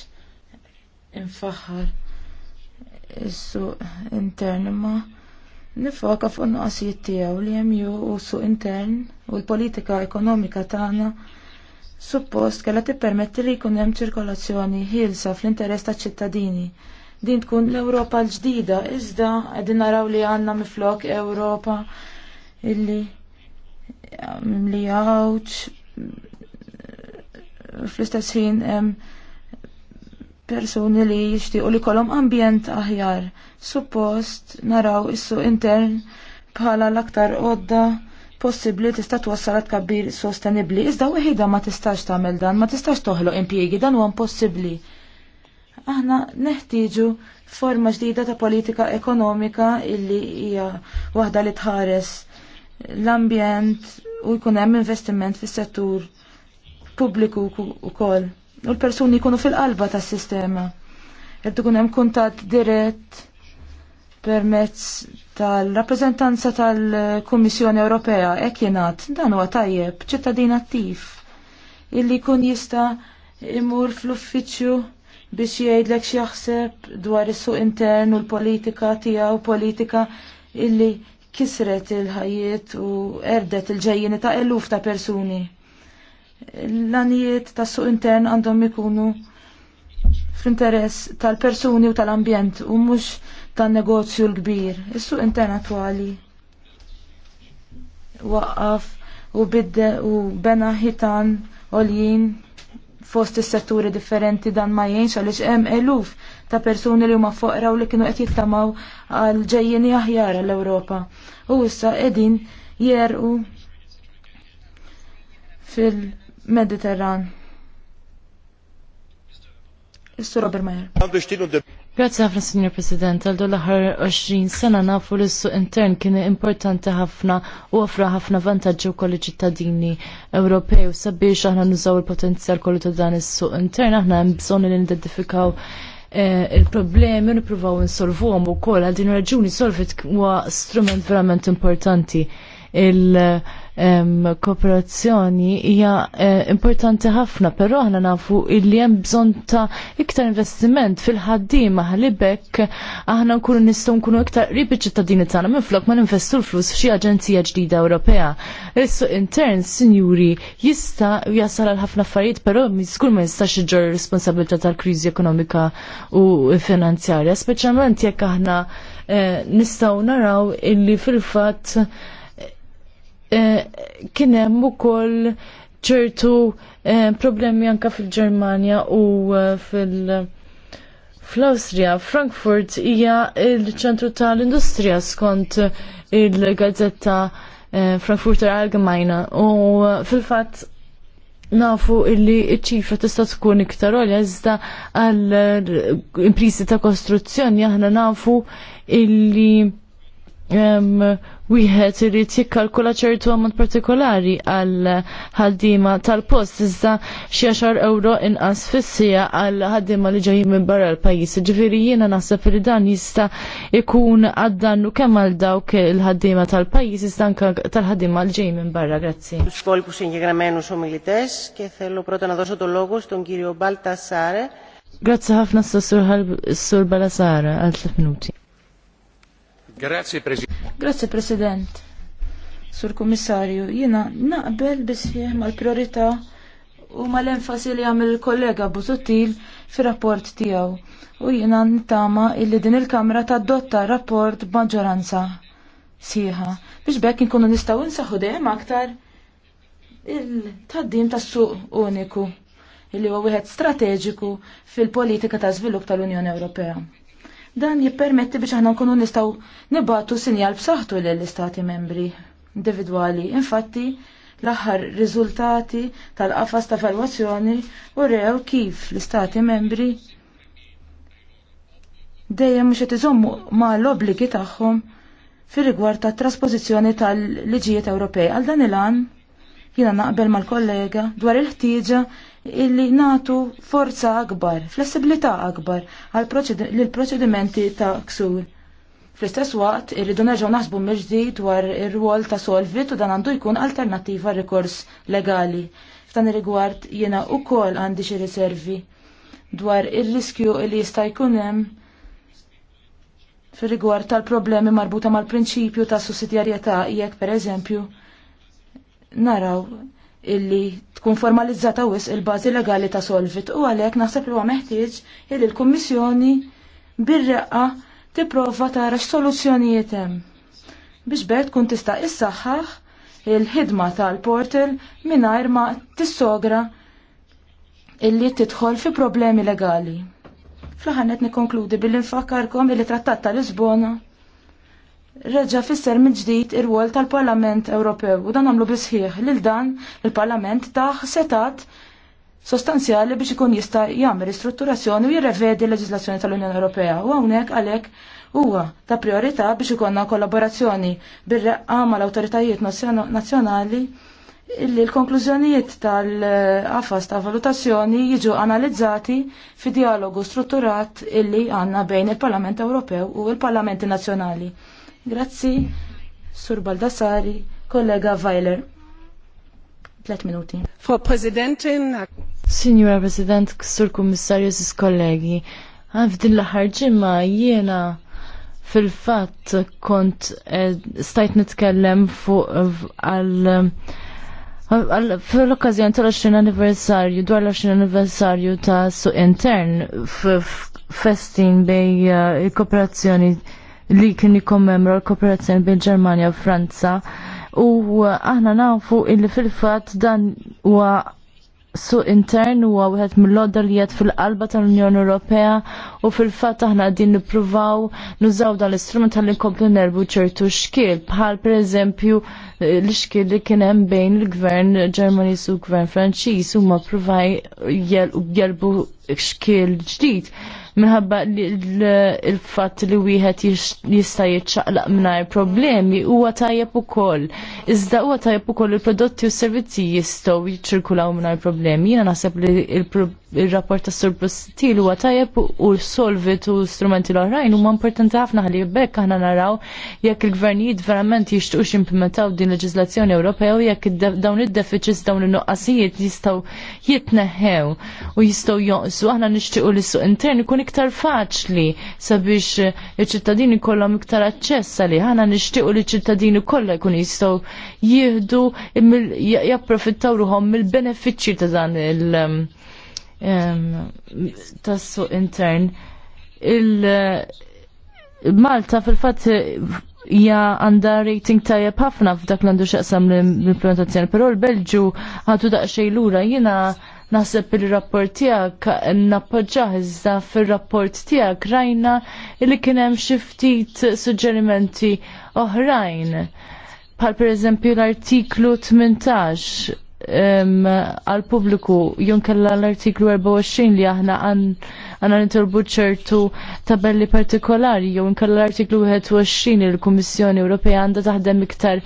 Speaker 3: infaħħar is-suq intern imma nifoka fuq nuqqasijiet tiegħu li hemm ju u suq intern u l-politika ekonomika tagħna suppost kellha tippermetti li jkun hemm ċirkolazzjoni ħielsa fl-interess taċ-ċittadini. Din tkun l-Ewropa l-ġdida iżda qegħdin naraw li għandna miflok Ewropa illi li għawċ fl-istess ħin persuni li jixtiequ li kolom ambjent aħjar. Suppost naraw issu intern bħala l-aktar għodda possibbli tista' twassalat kabbir sostenibbli. Iżda weħida ma tistax tagħmel dan, ma tistax toħloq impjiegi, dan huwa impossibbli. Aħna neħtieġu forma ġdida ta' politika ekonomika illi hija waħda li tħares l-ambjent u jkun hemm investiment fis-settur pubbliku wkoll. U l-persuni jkunu fil-qalba tas-sistema. Qed ikun hemm kuntatt dirett permezz tal-rappreżentanza tal-Kummissjoni Ewropea hekk jingħad dan huwa tajjeb ċittadin attiv illi jkun jista' imur fl-uffiċċju biex jgħidlek x'jaħseb dwar is-suq intern u l-politika tiegħu politika illi kisret il-ħajiet u erdet il-ġejjeni ta' eluf ta' persuni. L-anijiet ta' suq intern għandhom ikunu fl-interess tal-persuni u tal-ambjent u mhux tan-negozju l-kbir. Is-suq intern attuali, waqqaf u bidde u bena ħitan oljin fost is-setturi differenti dan ma jgħinx għaliex hemm eluf ta' persuni li huma foqra u li kienu qed jittamaw għal ġejjini aħjar għall ewropa U issa qegħdin jerqu fil-Mediterran. Is-Sur Obermeyer. Grazie
Speaker 1: ħafna, Signor President. Għaldu l-ħar 20 sena nafu li s-suq intern kien importanti ħafna u offra ħafna vantaġġi u kolli ċittadini u Sabiex aħna nużaw il-potenzjal kollu ta' dan is-suq intern, aħna hemm bżonn li nidentifikaw eh, il-problemi u nipruvaw insolvuhom ukoll għal din raġuni solvit huwa strument verament importanti il-kooperazzjoni hija eh, importanti ħafna, però aħna nafu illi hemm bżonn ta' iktar investiment fil-ħaddiema ħalibek aħna nkunu nistgħu nkunu iktar qrib iċ-ċittadini tagħna minflok ma ninvestu l-flus f'xi aġenzija ġdida Ewropea. Is-suq intern, sinjuri, jista' jasal għal ħafna affarijiet, però żgur ma jistax iġġor responsabilità tal-kriżi ekonomika u finanzjarja, speċjalment jekk aħna eh, nistgħu naraw illi fil-fatt Eh, kien hemm ukoll ċertu eh, problemi anka fil-Ġermanja u eh, fil- fl Frankfurt hija l-ċentru tal-industrija skont il-gazzetta Frankfurter Allgemeine u fil-fatt nafu illi ċifra tista' tkun iktar olja iżda għall imprisi ta' kostruzzjoni aħna nafu illi wieħed irid jikkalkula ċertu ammont partikolari għal ħaddiema tal-post iżda xi għaxar euro inqas fissija għal ħaddiema li ġejjin minn barra l-pajjiż. Ġifieri jiena naħseb li dan jista' jkun għaddannu kemm għal dawk il-ħaddiema tal-pajjiż iżda anke tal-ħaddiema li ġejjin minn barra. Grazzi. Skolku υπόλοιπους συγκεκριμένους ομιλητές και θέλω πρώτα
Speaker 3: να δώσω το λόγο στον κύριο
Speaker 1: Grazie ħafna s-sur Balasara
Speaker 3: għal 3 minuti. Grazie, President. Grazie, President. Sur Kummissarju, jina naqbel bisħieħ mal-priorità u mal-enfasi li għamil kollega Busuttil fi rapport tijaw. U jina nittama illi din il-Kamra ta' dotta rapport maġġoranza siħa. Biex bekk nkunu nistaw nsaħu dejjem aktar il-taddim tas suq uniku illi huwa wieħed strateġiku fil-politika ta' żvilupp tal-Unjoni Ewropea. Dan jippermetti biex aħna nkunu nistgħu nibatu sinjal b'saħħtu lill-istati membri individwali. Infatti, l-aħħar riżultati tal-qafas ta' evalwazzjoni u rew kif l-istati membri dejjem mhux qed iżommu ma' l-obbligi tagħhom fir-rigward tat-trasposizzjoni tal-liġijiet Ewropej. Għal dan il-għan jiena naqbel mal-kollega dwar il-ħtieġa illi natu forza akbar, flessibilità akbar l proċedimenti ta' ksur. Fl-istess waqt, irridu nerġgħu naħsbu mill-ġdid dwar ir-rwol ta' solvit u dan għandu jkun alternattiva rikors legali. F'dan ir-rigward jiena wkoll għandi xi riservi dwar ir-riskju li jista' jkun hemm fir-rigward tal-problemi marbuta mal-prinċipju ta' sussidjarjetà jekk pereżempju naraw illi tkun formalizzata wis il-bażi legali ta' solvit u għalhekk naħseb li huwa meħtieġ illi l-Kummissjoni bir-reqqa tipprova tara x'soluzzjonijiet hemm biex bert tkun tista' issaħħaħ il-ħidma tal-portal mingħajr ma tissogra illi tidħol fi problemi legali. Fl-ħanet nikonkludi billi nfakkarkom illi trattat tal-Lisbona reġa fisser minn ġdid ir-wol tal-Parlament Ewropew u dan għamlu bisħiħ lil dan il-Parlament taħ setat sostanzjali biex ikun jista' jagħmel ristrutturazzjoni u jirrevedi l leġislazzjoni tal-Unjoni Ewropea u hawnhekk għalhekk huwa ta' priorità biex ikonna kollaborazzjoni bir-reqqa mal-awtoritajiet nazzjonali illi l-konklużjonijiet tal-qafas ta' valutazzjoni jiġu analizzati fi dialogu strutturat illi għanna bejn il-Parlament Ewropew u il-Parlamenti Nazzjonali. Grazzi, Sur Baldassari, kollega Weiler. Tlet minuti. Frau Präsidentin.
Speaker 1: Signora President, Sur Kommissarju, Sis kollegi. Għafdin l-ħar ġimma jiena fil-fatt kont eh, stajt nitkellem fuq għal Fil-okkazjon tal-20 anniversarju, dwar l-20 anniversarju ta' suq intern, festin bej eh, il-kooperazzjoni li kien jikommemra l-kooperazzjoni bejn ġermanja u Franza u aħna nafu illi fil-fat dan huwa su intern huwa wieħed mill odda li qed fil-qalba tal-Unjoni Ewropea u fil-fatt aħna qegħdin nippruvaw nużaw dan l-istrument tal inkomplu nerbu ċertu xkiel bħal pereżempju eh, l-xkiel li kien hemm bejn il-Gvern Ġermaniż u l-Gvern Franċiż huma pruvaj jelbu xkiel ġdid minħabba l-fatt li wieħed jista' jiċċaqlaq mingħajr problemi huwa tajjeb ukoll. Iżda huwa tajjeb ukoll il-prodotti u s servizzi jistgħu jiċċirkulaw mingħajr problemi. Jiena naħseb li il-problemi il-rapport ta' surplus tilu huwa tajjeb u solvit u strumenti l-oħrajn huma importanti ħafna għalli bekk aħna naraw jekk il-gvernijiet verament jishtuqx jimplementaw din leġislazzjoni Ewropea jekk dawn id-deficits dawn il nuqqasijiet jistgħu jitneħew u jistgħu jonqsu aħna nixtiequ l suq intern ikun iktar faċli sabiex iċ-ċittadini kollhom iktar aċċessa li aħna nixtiequ u l ċittadini kollha jkun jistgħu jieħdu japprofittaw ruhom mill-benefiċċji ta' dan il- tas-suq intern. Il-Malta fil-fatt hija għandha rating tajjeb ħafna f'dak l-għandu xaqsam l-implementazzjoni, però l-Belġu għadu l lura jiena naħseb il-rapport tijak nappoġġaħ iżda fil-rapport tijak rajna li kienem xiftit suġġerimenti oħrajn. Par per eżempju l-artiklu 18 għal pubbliku junkella l-artiklu 24 li aħna għanna nitorbu ċertu tabelli partikolari jew nkella l-artiklu 21 il-Kummissjoni Ewropea għandha taħdem iktar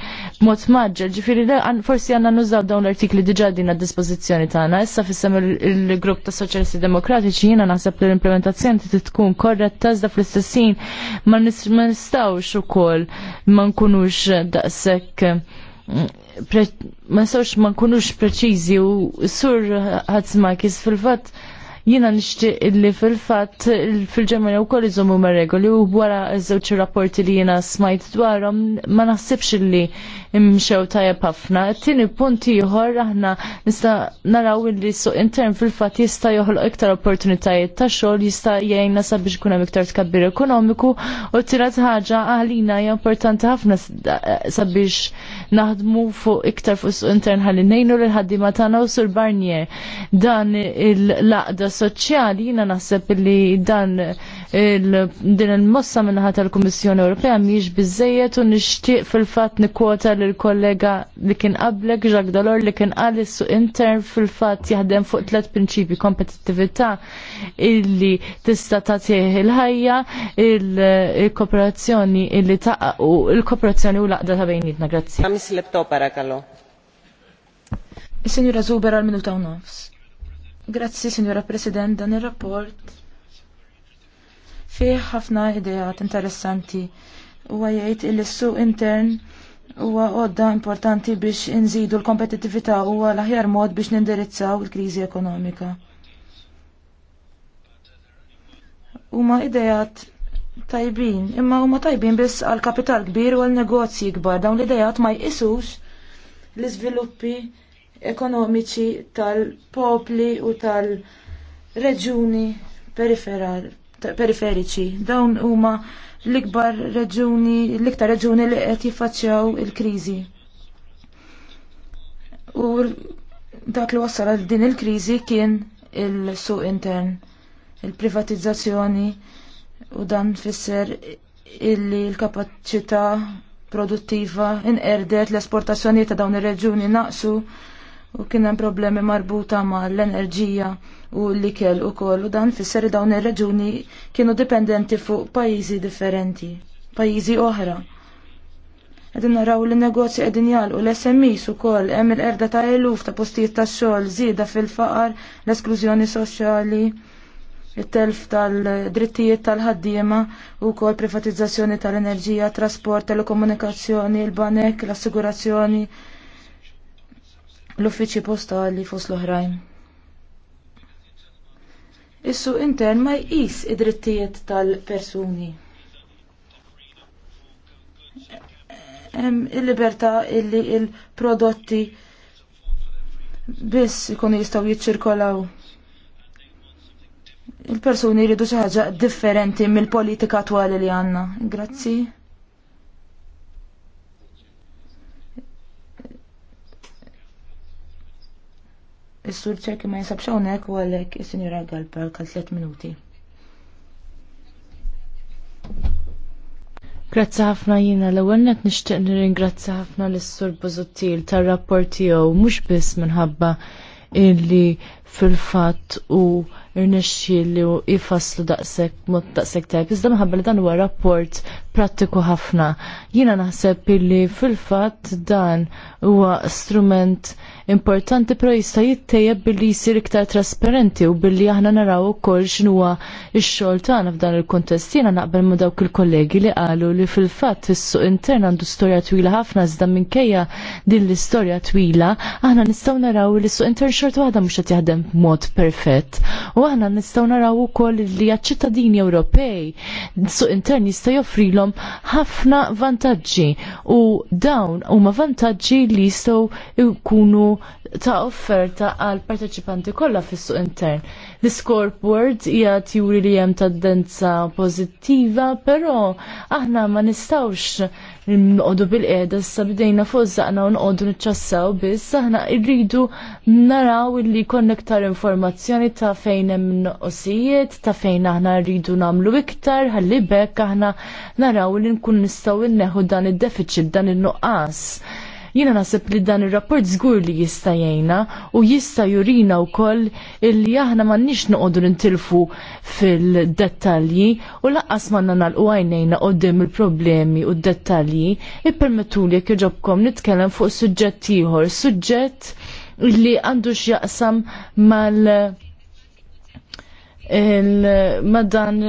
Speaker 1: mod maġġa. Ġifieri forsi għandna nużaw dawn l-artikli diġà din għad-dispożizzjoni taħna Issa fissam il-grupp ta' Soċjalisti Demokratiċi jiena naħseb li l-implementazzjoni trid tkun korretta iżda fl-istessin ma nistgħux ukoll ma nkunux daqshekk ma sawx ma nkunux preċizi u sur ħadd fil-fatt Jiena nixtieq illi fil-fatt fil-Ġermanja wkoll iżommu ma' regoli u wara ż-żewġ rapporti li jiena smajt dwarhom ma naħsibx illi mxew tajjeb ħafna. Tieni punt ieħor aħna nista' naraw illi suq intern fil-fatt jista' joħloq iktar opportunitajiet ta' xogħol jista' jgħinna sabiex ikun hemm iktar tkabbir ekonomiku u tirat ħaġa għalina hija importanti ħafna sabiex naħdmu fuq iktar fuq intern ħalli ngħinu lil ħaddima tagħna u sur Barnier dan il-laqda soċjali jiena naħseb li dan din il-mossa minnaħa tal-Kummissjoni Ewropea mhijiex biżejjed u nixtieq fil-fatt nikkwota lill kollega li kien qablek Jacques Dolor li kien qal is intern fil-fatt jaħdem fuq tliet prinċipji kompetittività illi tista' tagħtih il-ħajja, il-kooperazzjoni illi ta' u il-kooperazzjoni u laqda ta' bejnietna. Grazzi.
Speaker 3: Signora Zuber għal-minuta u nofs. Grazzi, Signora President, dan il-rapport fih ħafna ideat interessanti u għajajt il-suq intern huwa għodda importanti biex inżidu l-kompetitività u l-aħjar mod biex nindirizzaw il-kriżi ekonomika. Huma ideat tajbin, imma huma tajbin biss għal kapital kbir u għal negozji kbar dawn l-idejat ma jqisux l-iżviluppi ekonomiċi tal-popli u tal-reġuni periferiċi. Dawn huma l-ikbar reġuni, l-iktar reġuni li qed jiffaċċjaw il-kriżi. U dak li wassal għal din il-kriżi kien il-suq intern, il-privatizzazzjoni u dan fisser illi l-kapaċità produttiva inqerdet l-esportazzjoni ta' dawn ir-reġuni naqsu u kien hemm problemi marbuta mal-enerġija u l-ikel ukoll u dan fisseri dawn ir-reġuni kienu dipendenti fuq pajjiżi differenti, pajjiżi oħra. Qegħdin naraw li negozji qegħdin jalqu l-SMEs ukoll hemm il-qerda ta' eluf ta' postijiet tax-xogħol żieda fil-faqar, l-esklużjoni soċjali, it-telf tal-drittijiet tal-ħaddiema u kol privatizzazzjoni tal-enerġija, trasport, telekomunikazzjoni, il-banek, l-assigurazzjoni, l-uffiċi postali fost l-oħrajn. Issu intern ma jqis id-drittijiet tal-persuni. Hemm il-libertà illi il-prodotti biss ikunu jistgħu jiċċirkolaw. Il-persuni jridu xi ħaġa differenti mill-politika attwali li għandna. Grazzi. Is-sur ċerki ma jinsabx hawnhekk u għalhekk is-Sinjura Galpa għal tliet minuti. Grazzi ħafna jiena l-ewwel qed nixtieq nirringrazzja ħafna
Speaker 1: lis-Sur Bożuttil tar-rapport tiegħu mhux biss minħabba illi fil-fatt u li jifaslu daqshekk mod daqshekk tajb. Iżda minħabba li dan huwa rapport prattiku ħafna. Jiena naħseb illi fil-fatt dan huwa strument importanti però jista' jittejjeb billi jsir iktar trasparenti u billi aħna naraw ukoll huwa x-xogħol tagħna f'dan il-kuntest. Jiena naqbel ma' dawk il-kollegi li qalu li fil-fatt is-suq intern għandu storja twila ħafna iżda minkejja din l-istorja twila aħna nistgħu naraw li s-suq intern xorta waħda mhux qed jaħdem b'mod perfett. U aħna nistgħu naraw ukoll li għaċ-ċittadini Ewropej suq intern jista' joffrilhom ħafna vantaġġi u dawn huma vantaġġi li jistgħu jkunu ta' offerta għal parteċipanti kollha fis-suq intern l-scoreboard jgħat tjuri li jem tendenza pozittiva, pero aħna ma nistawx nqogħdu bil qiegħda issa bdejna fożaqna u nqodu niċċassaw biss aħna rridu naraw illi konnektar informazzjoni ta' fejn hemm noqosijiet, ta' fejn aħna rridu nagħmlu iktar, ħalli bekk aħna naraw li nkun nistgħu inneħu dan id-deficit, dan in-nuqqas. Jiena naħseb li dan ir-rapport żgur li jista' jajna u jista' jurina wkoll illi aħna m'għandniex noqogħdu nintilfu fil-dettalji u laqqas m'għandna nagħlqu għajnejna qudiem il-problemi u d-dettalji permetu jekk iġobkom nitkellem fuq suġġett ieħor, suġġett li għandu x'jaqsam mal il madan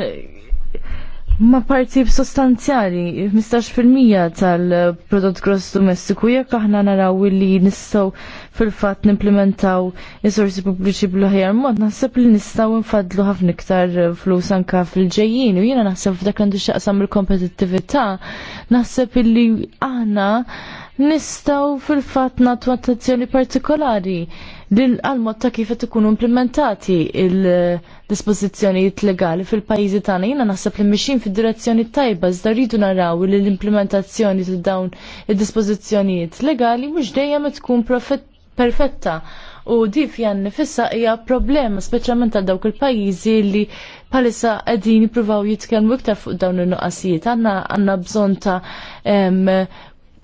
Speaker 1: Ma parti sostanzjali, 15% tal-prodott gross domestiku, jekk aħna naraw li nistgħu fil-fatt nimplementaw is-sorsi pubbliċi bl-ħajar mod, naħseb li nistgħu nfadlu ħafna iktar flus anka fil-ġejjin u jiena naħseb f'dak għandu x'aqsam il-kompetittività, naħseb li aħna nistgħu fil-fatt nagħtu attenzjoni partikolari għal-mod ta' kif qed ikunu implementati il-dispożizzjonijiet legali fil-pajjiżi tagħna. Jiena naħseb li mixin fid-direzzjoni tajba iżda rridu naraw li l-implementazzjoni ta' dawn id-dispożizzjonijiet legali mhux dejjem tkun perfetta. U di fjan nifissa hija problema, speċjalment għal dawk il-pajjiżi li palissa qegħdin jippruvaw jitkelmu iktar fuq dawn il-nuqqasijiet. għandna għanna bżon ta'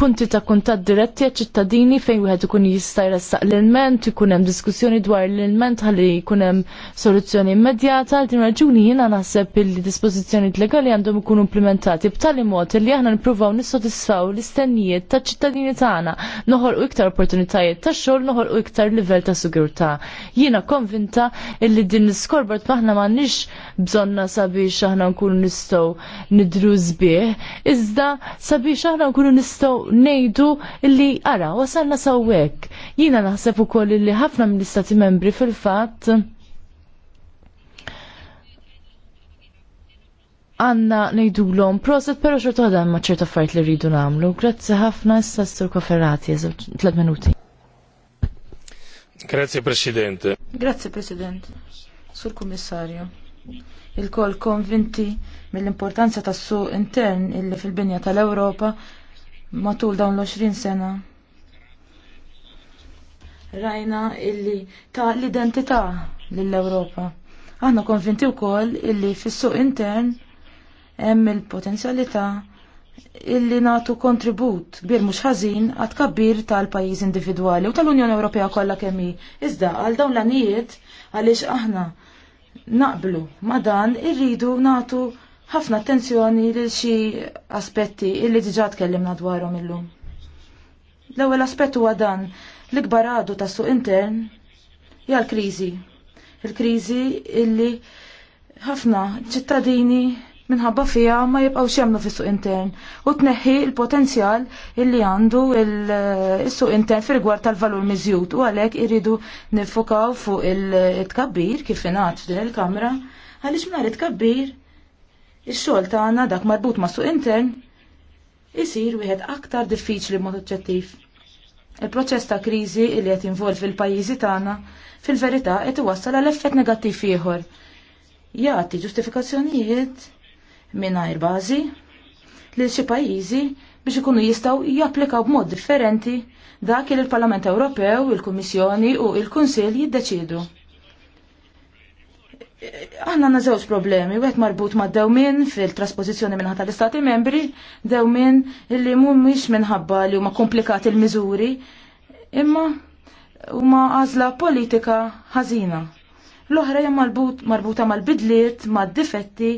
Speaker 1: punti ta' kuntat diretti għal ċittadini fejn wieħed ikun jista' jressaq l-ilment, ikun hemm diskussjoni dwar l-ilment ħalli jkun hemm soluzzjoni immedjata għal din raġuni jiena naħseb li dispożizzjonijiet legali għandhom ikunu implementati b'tali mod li aħna nippruvaw nissodisfaw l-istennijiet ta' ċittadini tagħna, noħolqu iktar opportunitajiet ta' xogħol, noħolqu iktar livell ta' sigurtà. Jiena konvinta li din l-iskorbort maħna m'għandniex bżonna sabiex aħna nkunu nistgħu nidru sbieħ, iżda sabiex aħna nkunu nistgħu ngħidu li ara wasalna sawwek. Jiena naħseb ukoll li ħafna minn istati membri fil-fatt għanna nejdu l-om proset, pero xortu għadam ċerta fajt li rridu namlu. Grazzi ħafna, s-sassur koferrati,
Speaker 3: 3 minuti. Grazie Presidente. Grazie Presidente. Sur Kommissarju, il-kol konvinti mill-importanza tas suq intern illi fil-binja tal-Europa matul dawn l-20 sena. Rajna illi ta' l-identità lill-Ewropa. Aħna konvinti wkoll illi fis-suq intern hemm il-potenzjalità illi natu kontribut bir mhux ħażin għad kabbir tal-pajjiż individwali u tal-Unjoni Ewropea kollha kemm hi. Iżda għal dawn l-anijiet għaliex aħna naqblu ma dan irridu natu ħafna attenzjoni lil xi aspetti illi diġà tkellimna dwarhom illum. L-ewwel aspett huwa dan l-ikbar għadu tas suq intern hija l-kriżi. Il-kriżi illi ħafna ċittadini minħabba fija ma jibqgħux xemnu fis-suq intern u tneħħi l-potenzjal illi għandu il-suq intern fir-rigward tal-valur miżjud u għalhekk iridu nifukaw fuq il-tkabbir kif ingħad f'din il-kamra għaliex minar it-tkabbir Ix-xogħol tagħna dak marbut ma' suq intern isir wieħed aktar diffiċli mod oġġettiv. Il-proċess ta' kriżi li qed involvi l-pajjiżi tagħna fil-verità qed iwassal għal effett negattiv ieħor. Jagħti ġustifikazzjonijiet mingħajr bażi lil xi pajjiżi biex ikunu jistgħu japplikaw b'mod differenti dak li l-Parlament Ewropew, il-Kummissjoni u il-Kunsill jiddeċiedu. Aħna għanna zewġ problemi, wieħed marbut ma' dewmin fil-trasposizjoni minn ħata l-Istati membri, dewmin illi mhumiex minħabba li huma komplikati l-miżuri, imma huma għażla politika ħażina. L-oħra jem marbut marbuta mal-bidliet, mad-difetti,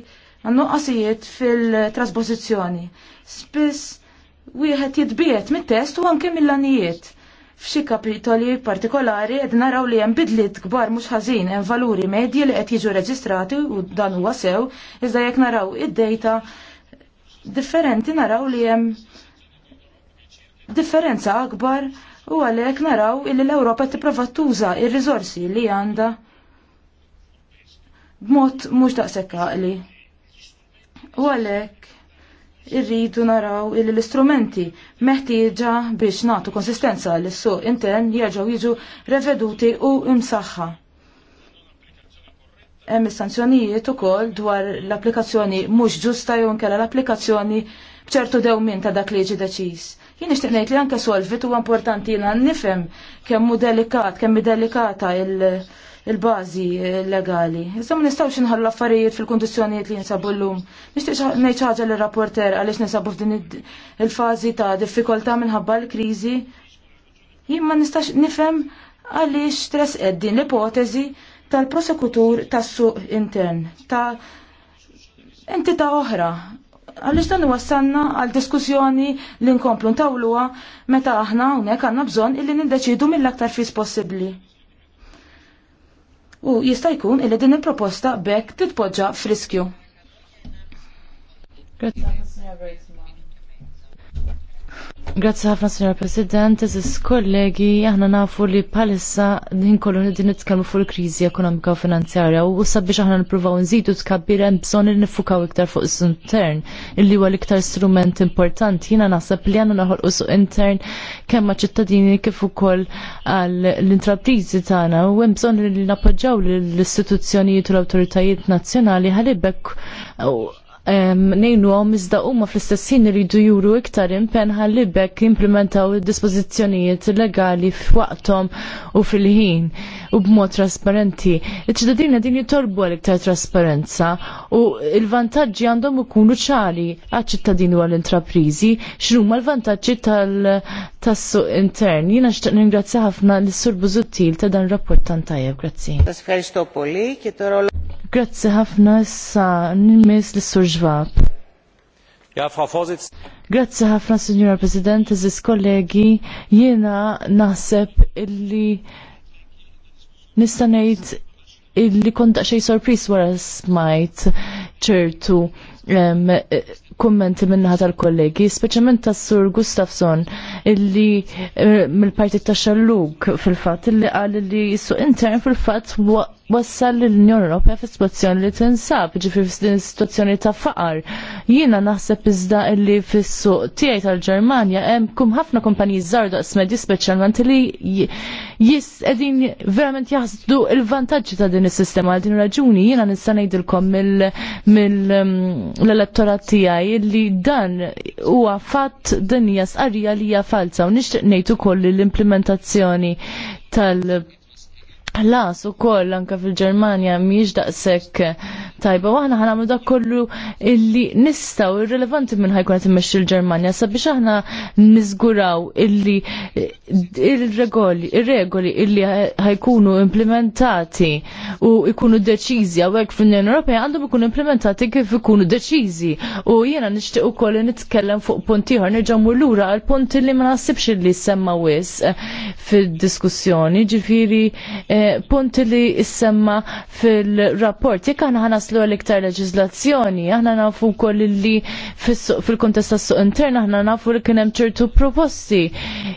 Speaker 3: għan-nuqqasijiet fil-trasposizjoni. Spiss wieħed jitbiet mit-test u anke mill-anijiet F'xi kapitoli partikolari qed naraw li hemm bidliet kbar mhux ħażin hemm valuri medji li qed jiġu reġistrati u dan huwa sew, iżda jekk naraw id-dejta differenti naraw li hemm differenza akbar u għalhekk naraw li l-Ewropa tipprova tuża ir-riżorsi li għandha b'mod mhux daqshekk għaqli. U għalhekk irridu naraw il l-istrumenti meħtieġa biex natu konsistenza l suq intern jerġgħu jiġu reveduti u imsaħħa. Hemm is-sanzjonijiet ukoll dwar l-applikazzjoni mhux ġusta jew inkella l-applikazzjoni bċertu min ta' dak li jiġi deċiż. Jien nixtieq ngħid li anke solvit huwa importanti jiena nifhem kemm hu delikat, kemm delikata il- il-bażi legali. Issa ma nistgħux inħallu affarijiet fil-kundizzjonijiet li jinsabu llum. Nixtieq ngħid ħaġa lir-rapporter għaliex ninsabu f'din il-fażi ta' diffikoltà minħabba l-kriżi. Jien ma nistax nifhem għaliex tres din l-ipotezi tal-prosekutur tas-suq intern ta' entità oħra għalix dan wassanna għal diskussjoni li nkomplu ntawluha meta aħna hawnhekk għandna bżonn illi nindeċidu mill-aktar fis possibbli u jista' jkun illi din il-proposta bekk titpoġġa friskju.
Speaker 1: Grazie. Grazzi ħafna, Signor President, eżis kollegi, aħna nafu li palissa din kollu din nitkellmu fuq il-kriżi ekonomika u finanzjarja u sabiex aħna nippruvaw nżidu tkabbir hemm bżonn li nifukaw iktar fuq is intern illi huwa l-iktar strument importanti. Jiena naħseb li għandna naħolqu suq intern kemm ma' ċittadini kif ukoll għall l-intrapriżi tagħna u hemm bżonn li nappoġġaw lill-istituzzjonijiet u l-awtoritajiet nazzjonali ħalibek għom iżda huma fl-istess ħin iridu juru iktar impen ħallibek implementaw id-dispożizzjonijiet legali f'waqtom u fil-ħin u b'mod trasparenti. Iċ-ċittadini din jitolbu għal iktar trasparenza u l-vantaġġi għandhom ikunu ċari għal ċittadini u għall-intraprizi x'huma l-vantaġġi tal suq intern. Jiena xtaq ningrazzja ħafna lis sur Buzuttil ta' dan rapport tan tajjeb, grazzi. Grazzi ħafna issa nimmis l-Sur
Speaker 3: Ja, Frau Vorsitz.
Speaker 1: Grazzi ħafna, Signora President, eżis kollegi, jiena naħseb illi nista' ngħid illi kont xej sorpris wara smajt ċertu um, kummenti minnaħat tal-kollegi, speċjalment tas sur Gustafsson, illi eh, mill partit ta' Xalluk fil-fat, illi għal li jissu intern fil-fat wassal l-Unjoni Ewropea fi situazzjoni li tinsab, ġifir f'din situazzjoni ta' faqar. Jiena naħseb iżda li fis-suq tiegħi tal-Ġermanja hemm kum ħafna kumpaniji żarda smedji speċjalment li jis qegħdin verament jaħsdu il-vantaġġi ta' din is-sistema għal din raġuni jiena nista' ngħidilkom mill-elettorat mm, tiegħi li dan huwa fatt din hija sqarrija li hija falsa u nixtieq ngħid ukoll l-implementazzjoni tal- Allas u koll anka fil ġermania miġ daqsek tajba u aħna għamlu dak kollu illi nistaw irrelevanti minn ħajkun qed immexxi l-Ġermanja sabiex aħna nizguraw illi ir-regoli il regoli illi ħajkunu implementati u jkunu deċiżi għawek fl-Unjoni Ewropea għandhom ikunu implementati kif ikunu deċiżi u jiena nixtieq ukoll nitkellem fuq pontiħor ieħor l-ura għal ponti li ma naħsibx li semma wis eh, fid-diskussjoni ġifieri eh, ponti li semma fil-rapport jekk aħna waslu għal iktar leġizlazzjoni. Aħna nafu wkoll li fil-kontest tas-suq intern aħna nafu li kien hemm ċertu proposti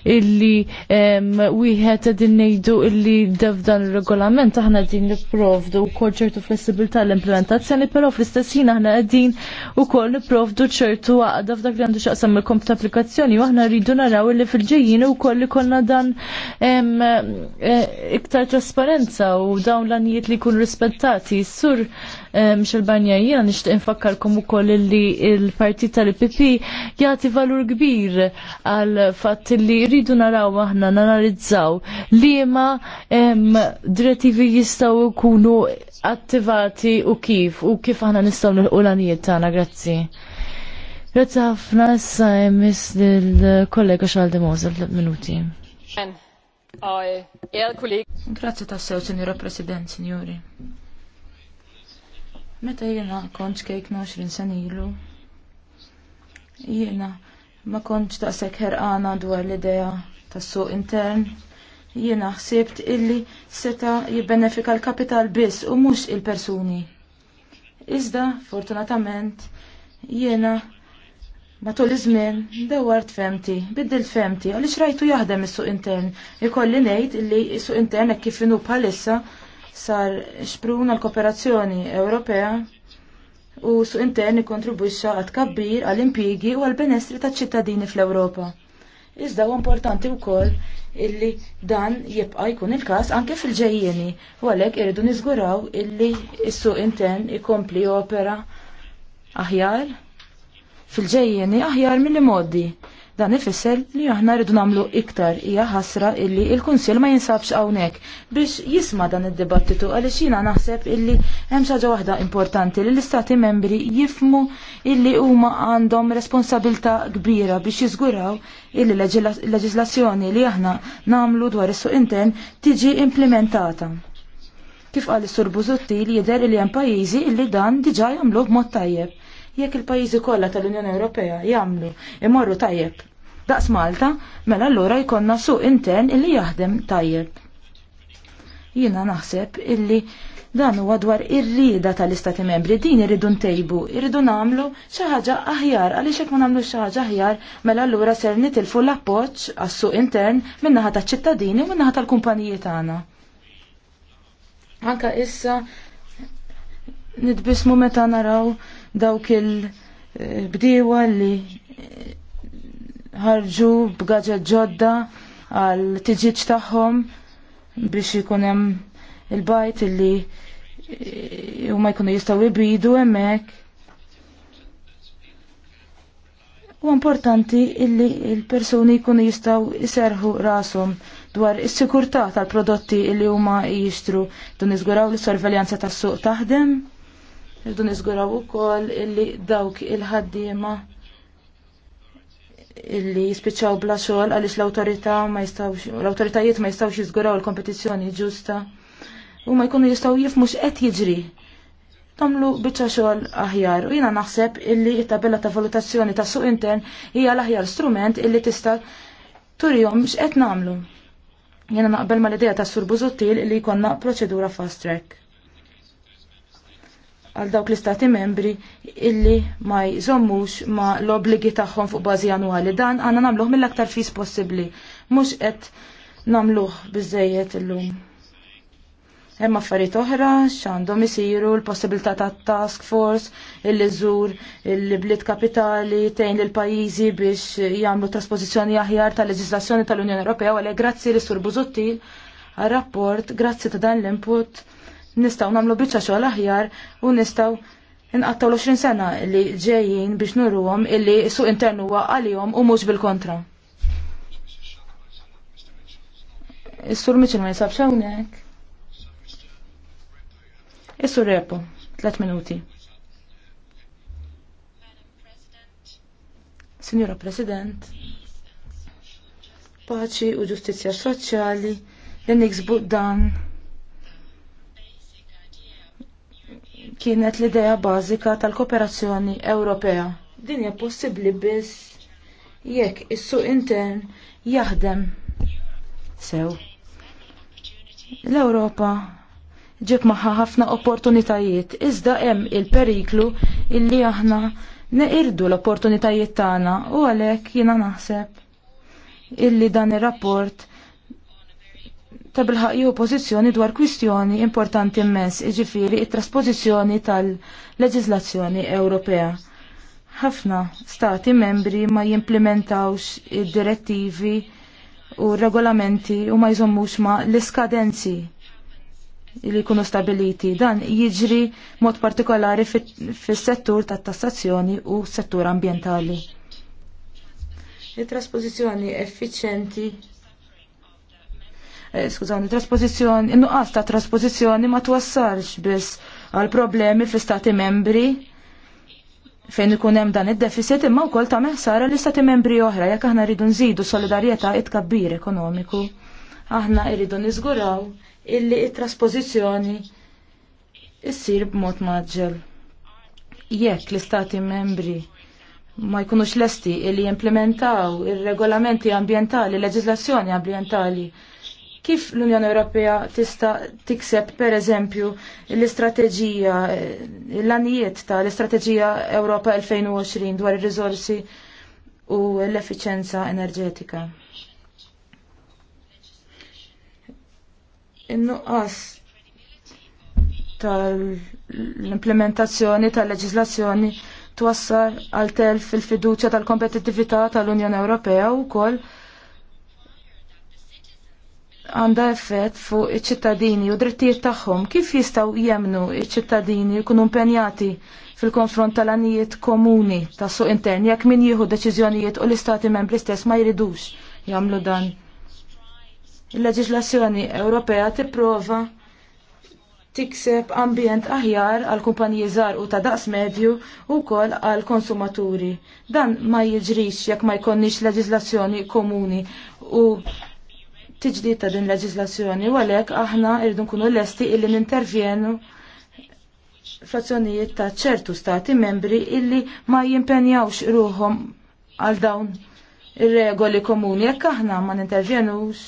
Speaker 1: illi wieħed qegħdin ngħidu illi f'dan ir-regolament aħna din nipprovdu wkoll ċertu flessibilità l-implementazzjoni, però fl-istess ħin aħna qegħdin ukoll nipprovdu ċertu għaqda f'dak li għandu x'aqsam il-komp ta' applikazzjoni u aħna rridu naraw illi fil-ġejjin koll li konna dan eh, iktar trasparenza u dawn l-anijiet li kun rispettati. Sur eh, Michel Barnier jiena nixtieq infakkarkom ukoll li l parti tal-IPP jagħti valur kbir għal fatt li rridu naraw aħna nanalizzaw li ma direttivi jistgħu jkunu attivati u kif u kif aħna nistgħu nilqu l-għanijiet tagħna grazzi. Grazzi ħafna issa miss lill-kollega Xaldi Mosel minuti.
Speaker 3: Grazzi tassew, Signora President, Sinjuri. Meta jiena konċ kejk 20 sen ilu, jiena ma kontx taqsek għana dwar l-idea tas-suq intern. Jiena ħsibt illi seta jibbenefika l-kapital biss u mhux il-persuni. Iżda, fortunatament, jiena matul iż-żmien dawart femti, biddil femti, għaliex rajtu jaħdem is-suq intern. Ikolli ngħid illi il suq intern hekk kif inhu bħalissa sar xpruna l-kooperazzjoni Ewropea u su interni kontribwixxa għat kabbir għall impigi u għall benestri taċ ċittadini fl-Ewropa. Iżda huwa importanti wkoll illi dan jibqa' jkun il-każ anke fil ġejjeni u għalhekk irridu niżguraw illi s-suq intern ikompli opera aħjar fil-ġejjieni aħjar mill-modi Dan ifisser li aħna rridu nagħmlu iktar hija ħasra illi il-Kunsill ma jinsabx hawnhekk biex jisma' dan id-dibattitu għaliex jiena naħseb illi hemm xi ħaġa waħda importanti li l-istati membri jifmu illi huma għandhom responsabilità kbira biex jiżguraw illi leġislazzjoni li aħna nagħmlu dwar is-suq intern tiġi implementata kif għal sur Buzutti li jider li hemm pajjiżi illi dan diġà jagħmlu b'mod tajjeb. Jekk il-pajjiżi kollha tal-Unjoni Ewropea jagħmlu imorru tajjeb daqs Malta, mela allura jkollna suq intern illi jaħdem tajjeb. Jiena naħseb illi dan huwa dwar ir-rida tal-istati membri, din irridu ntejbu, irridu nagħmlu xi ħaġa aħjar, għaliex hekk ma nagħmlu xi ħaġa aħjar, mela allura ser nitilfu l-appoġġ għas-suq intern min-naħa taċ-ċittadini u min-naħa tal-kumpaniji tagħna. Anka issa nitbismu meta naraw dawk il-bdiewa li ħarġu b'gaġġet ġodda għal tiġiġ tagħhom biex ikun hemm il-bajt u huma jkunu jistgħu jbidu hemmhekk. U importanti illi il-persuni jkunu jistgħu iserħu rashom dwar is-sikurtà tal-prodotti illi huma jixtru dun iżguraw l sorveljanza tas-suq taħdem. Irdu niżguraw ukoll illi dawk il-ħaddiema illi jispiċaw bla xogħol għaliex l-awtorità ma jistgħux l-awtoritajiet ma jistgħux jizguraw il-kompetizzjoni ġusta u ma jkunu jistgħu mux qed jiġri tamlu bieċa xogħol aħjar u jiena naħseb illi t-tabella ta' valutazzjoni ta' suq intern hija l-aħjar strument illi tista' turjom x'qed nagħmlu. Jiena naqbel mal-idea ta' Sur Bużuttil illi jkollna proċedura fast track għal dawk l-istati membri illi ma jżommux ma l-obligi tagħhom fuq bażi annwali. Dan għandna namluħ mill-aktar fis possibbli. Mhux qed nagħmluh biżejjed illum. Hemm affarijiet oħra x'għandhom isiru l-possibilità ta' task force illi żur il-bliet kapitali tejn lil pajjiżi biex jagħmlu trasposizzjoni aħjar tal-leġiżlazzjoni tal-Unjoni Ewropea għalhekk grazzi li sur Busuttil għar-rapport, grazzi ta' dan l-input nistaw namlu bieċa xogħol aħjar u nistaw inqattaw l-20 sena li ġejjin biex nurruhom illi su internu huwa għalihom u mhux bil-kontra. Is-sur Mitchell ma jisabx hawnhekk. Is-sur Repo, tlet minuti. Signora President, paċi u ġustizja soċjali, l-niksbu dan kienet l-idea bażika tal-kooperazzjoni Ewropea. Din hija possibbli biss jekk is-suq intern jaħdem sew. L-Ewropa ġib maħħa ħafna opportunitajiet, iżda hemm il-periklu illi aħna neqirdu l-opportunitajiet tagħna u għalhekk jiena naħseb illi dan ir-rapport il ta' bilħaq ju pożizzjoni dwar kwistjoni importanti immens, iġifiri it-trasposizjoni tal-leġizlazzjoni Ewropea. Ħafna stati membri ma jimplementawx id-direttivi u regolamenti u ma jżommux ma l-iskadenzi li jkunu stabiliti. Dan jiġri mod partikolari fis-settur tat-tassazzjoni u settur ambientali. Il-trasposizjoni effiċenti Eh, skużawni, trasposizjoni, innuqqas ta' trasposizjoni ma twassalx biss għal problemi fl-istati membri fejn ikun hemm dan id-deficit imma wkoll ta' meħsara l-istati membri oħra jekk aħna rridu nżidu solidarjetà it-kabbir ekonomiku. Aħna rridu niżguraw illi it trasposizzjoni issir b'mod maġġel. Jekk l-istati membri ma jkunux lesti illi jimplementaw ir-regolamenti ambjentali, leġiżlazzjoni ambjentali Kif l-Unjoni Ewropea tista' tikseb pereżempju l-istrateġija l-anijiet ta' l-istrateġija Ewropa 2020 dwar ir-riżorsi u l effiċjenza enerġetika? In-nuqqas tal-implementazzjoni tal-leġislazzjoni twassal għal telf il-fiduċja tal-kompetittività tal-Unjoni Ewropea wkoll għandha effett fuq iċ-ċittadini u drittijiet tagħhom. Kif jistgħu jemnu iċ-ċittadini jkunu impenjati fil-konfront tal-anijiet komuni ta' suq intern jekk min jieħu deċiżjonijiet u l-istati membri stess ma jridux jagħmlu dan. Il-leġiżlazzjoni Ewropea tipprova tikseb ambjent aħjar għal kumpaniji żgħar u ta' daqs medju u kol għal konsumaturi. Dan ma jiġrix jekk ma jkollniex leġislazzjoni komuni u tiġdid ta' din leġislazzjoni u għalhekk aħna rridu nkunu lesti illi nintervjenu frazzjonijiet ta' ċertu stati membri illi ma jimpenjawx ruhom għal dawn ir-regoli komuni jekk aħna ma nintervjenux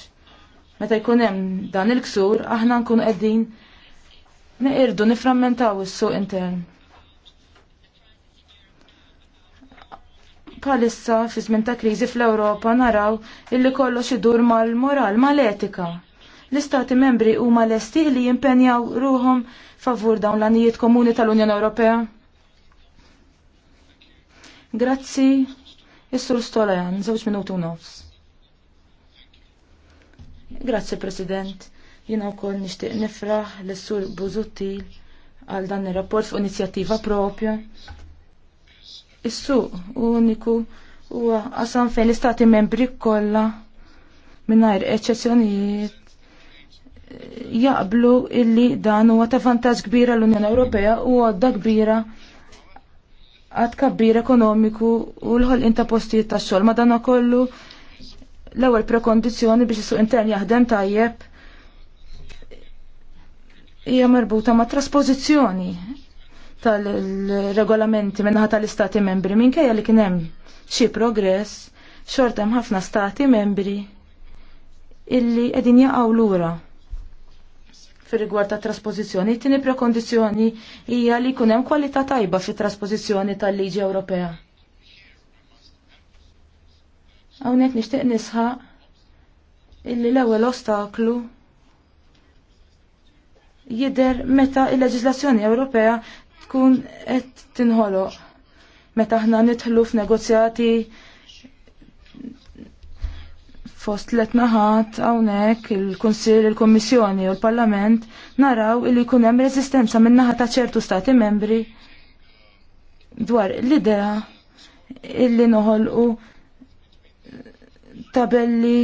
Speaker 3: meta jkun hemm dan il-ksur aħna nkunu qegħdin neqirdu niframmentaw is-suq intern. Palissa fi żmien ta' kriżi fl-Ewropa naraw illi kollox idur mal-moral, mal-etika. L-istati membri huma lesti li jimpenjaw ruhom favur dawn l-anijiet komuni tal-Unjoni Ewropea. Grazzi, Is-Sur Stolajan, żewġ minutu nofs. Grazzi, President. Jina wkoll nixtieq nifraħ lis sur Buzuttil għal dan ir-rapport fuq inizjattiva propja Is-suq uniku huwa għasan fejn l-istati membri kollha mingħajr eċċezzjonijiet eh, jaqblu illi dan huwa ta' vantaġġ kbira l-Unjoni Ewropea u għadda kbira għad kabbir ekonomiku u l ħol ta' postijiet ta' xogħol. Madana kollu l-ewwel prekondizzjoni biex is intern jaħdem tajjeb hija marbuta ma' traspożizzjoni tal-regolamenti minnaħa tal-istati membri minkejja li kien hemm xi progress xorta hemm ħafna stati membri illi qegħdin jaqgħu lura fir-rigward ta' trasposizzjoni. Tieni prekondizzjoni hija li jkun hemm kwalità tajba fit trasposizjoni tal-liġi Ewropea. Hawnhekk nixtieq nisħaq illi l-ewwel ostaklu jidher meta il-leġislazzjoni Ewropea tkun qed tinħoloq meta aħna nidħlu f'negozjati fost let naħat hawnhekk il-Kunsill, il-Kummissjoni u l-Parlament naraw li jkun hemm resistenza minn naħa ta' ċertu stati membri dwar l-idea illi noħolqu tabelli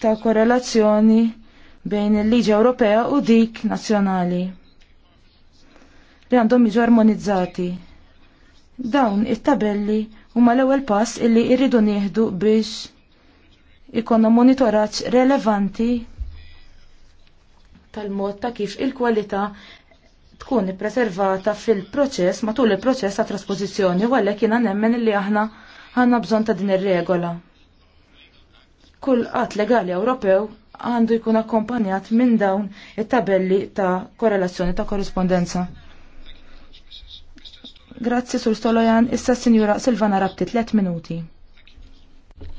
Speaker 3: ta' korrelazzjoni bejn il-liġi Ewropea u dik nazzjonali li għandhom jiġu armonizzati. Dawn it-tabelli huma l-ewwel pass illi irridu nieħdu biex ikonna monitoraġġ relevanti tal-mod ta' kif il-kwalità tkun ippreservata fil-proċess matul il-proċess ta' trasposizzjoni u għalhekk jiena nemmen li aħna għandna bżonn ta' din ir-regola. Kull qatt legali Ewropew għandu jkun akkompanjat minn dawn it-tabelli ta' korrelazzjoni ta' korrispondenza. Grazzi Sur Stolojan, issa Sinjura Silvana Rabti, 3 minuti.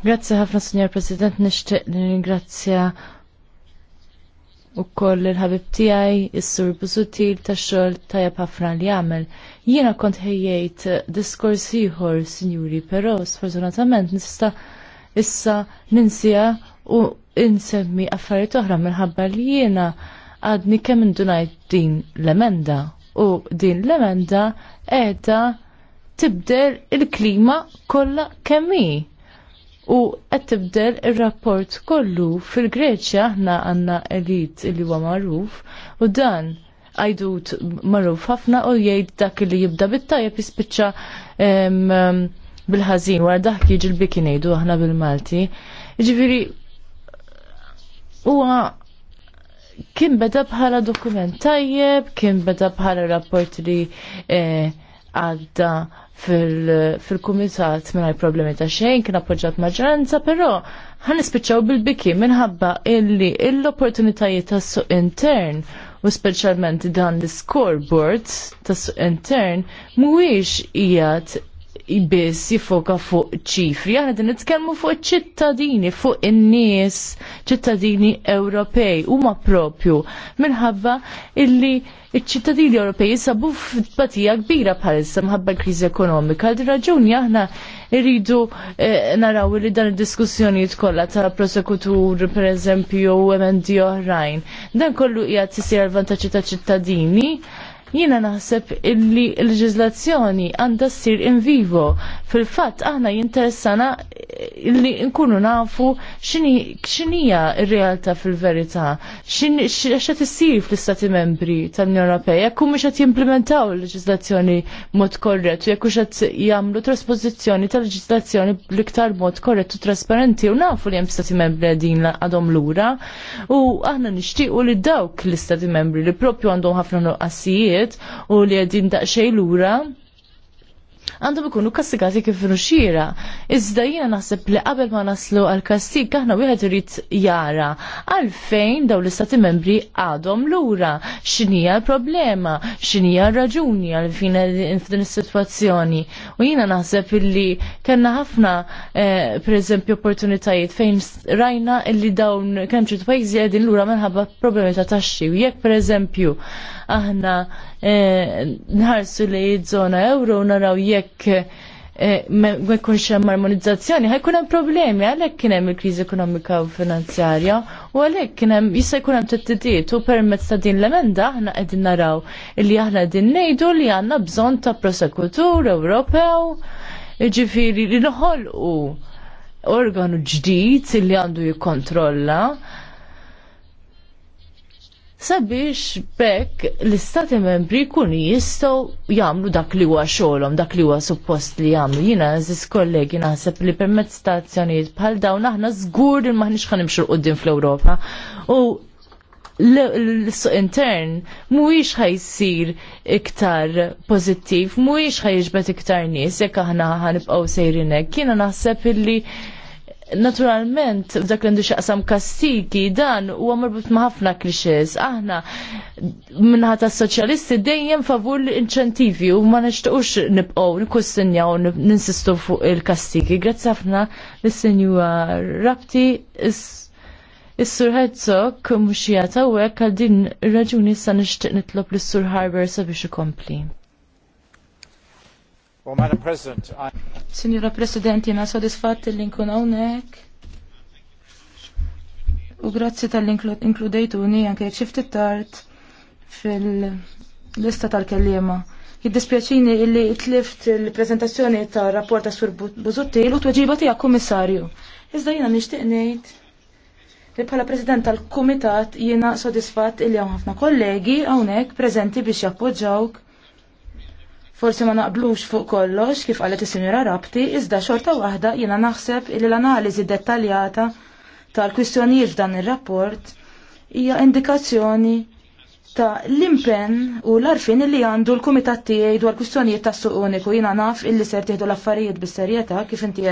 Speaker 3: Grazzi ħafna Sinjor President,
Speaker 1: nixtieq ringrazzja u koll il-ħabib tijaj, il-sur Busutil, ta' xol tajab ħafna li għamel. Jiena kont ħejjejt diskors ieħor, sinjuri, pero sfortunatament nista issa ninsija u insemmi affarijiet oħra minħabba li jiena għadni kemm indunajt din l-emenda u din l-emenda qiegħda tibdel il-klima kollha kemmi. U qed tibdel ir-rapport kollu fil-Greċja aħna għandna elit li huwa magħruf u dan għajdut marruf ħafna u jgħid dak li jibda bit-tajjeb jispiċċa bil-ħażin wara dak jiġi l bikin aħna bil-Malti. Ġifieri huwa kien beda bħala dokument tajjeb, kien beda bħala rapport li eh, għadda fil-kumitat fil minn problemi ta' xejn, kien appoġġat maġġoranza, però ħan ispiċċaw bil-biki minħabba illi l-opportunitajiet tas suq intern u speċjalment dan l-scoreboard tas suq intern mhuwiex qiegħed biss jifoka fuq ċifri, aħna din nitkellmu fuq ċittadini, fuq in-nies, ċittadini Ewropej, huma propju minħabba illi ċittadini Ewropej jisabu f'batija kbira bħalissa minħabba l krizi ekonomika. Għal raġuni aħna irridu eh, naraw li dan id-diskussjonijiet kollha ta' prosekutur pereżempju u emendi oħrajn. Dan kollu qiegħed għal vantaġġi ta' ċittadini Jiena naħseb illi l għanda għandha ssir in vivo. Fil-fatt aħna jinteressana illi nkunu nafu x'inhija r-realtà fil-verità, s issir fl-Istati Membri tal-Unjoni Ewropea, jekk qed jimplementaw il ġizlazzjoni mod korrett u jekk hux qed jagħmlu tal ġizlazzjoni bl-iktar mod korrett u trasparenti u nafu li hemm stati membri għadin għadhom lura u aħna nixtiequ li dawk l-istati membri li propju għandhom ħafna nuqqasijiet ħarġet u li qegħdin daqsxejn lura għandhom ikunu kastigati kif nuxira. Iżda jiena naħseb li qabel ma naslu għal kastig aħna wieħed irid jara għalfejn daw l-istati membri għadhom lura, x'inhija l-problema, x'inija r-raġuni għal f'din is-sitwazzjoni. U jiena naħseb illi kellna ħafna eh, pereżempju opportunitajiet fejn rajna illi dawn kemm ċertu pajjiżi qegħdin lura minħabba problemi ta' taxxi. U jekk pereżempju aħna nħarsu li żona euro naraw jekk eh, ma jkunx hemm armonizzazzjoni, ħajkun hemm problemi għalhekk kien hemm il-kriżi ekonomika u finanzjarja u għalhekk kien hemm jista' jkun hemm tettidiet u permezz ta' din l-emenda aħna qegħdin naraw li aħna qegħdin ngħidu li għandna bżonn ta' prosekutur Ewropew, jiġifieri li noħolqu organu ġdid li għandu jikkontrolla sabiex bekk l-istati membri kunu jistgħu jagħmlu dak li huwa xogħolhom, dak li huwa suppost li jagħmlu. Jiena zis kollegi naħseb li permezz ta' bħal dawn aħna żgur li maħniex ħanim l-qudiem fl-Ewropa. U l-suq intern mhuwiex ħajsir iktar pożittiv, mhuwiex ħajġbet iktar nies jekk aħna ħanibqgħu sejrinek. Jiena naħseb illi naturalment f'dak li għandu xaqsam kastigi dan huwa marbut ma' ħafna klixes. Aħna minnaħat tas-soċjalisti dejjem favur l-inċentivi u ma nibqaw, nibqgħu u ninsistu fuq il-kastigi. Grazzi ħafna lis senjua Rabti Is-Sur Herzog mhux jagħtawek għal din raġuni sa nixtieq
Speaker 3: nitlob lis-Sur Harbour sabiex ikompli. Signora President, jena sodisfatti li nkun hawnhekk. U grazzi tal-inkludejtuni anke ċifti tard fil-lista tal-kellima. Jiddispjaċini illi tlift il-prezentazzjoni ta' rapport ta' Sur Buzuttil u tweġiba tiegħek kummissarju. Iżda jiena nixtieq ngħid li bħala President tal-Kumitat jiena sodisfatt illi hawn ħafna kollegi hawnhekk preżenti biex jappoġġawk Forsi ma naqblux fuq kollox kif għalet is-Sinjura Rabti, iżda xorta waħda jiena naħseb li l-analiżi dettaljata tal-kwistjonijiet f'dan ir-rapport hija indikazzjoni ta' l-impen u l-arfin li għandu l-kumitat tiegħi dwar kwistjonijiet ta' suq uniku jiena naf illi ser tieħdu l-affarijiet bis-serjetà kif inti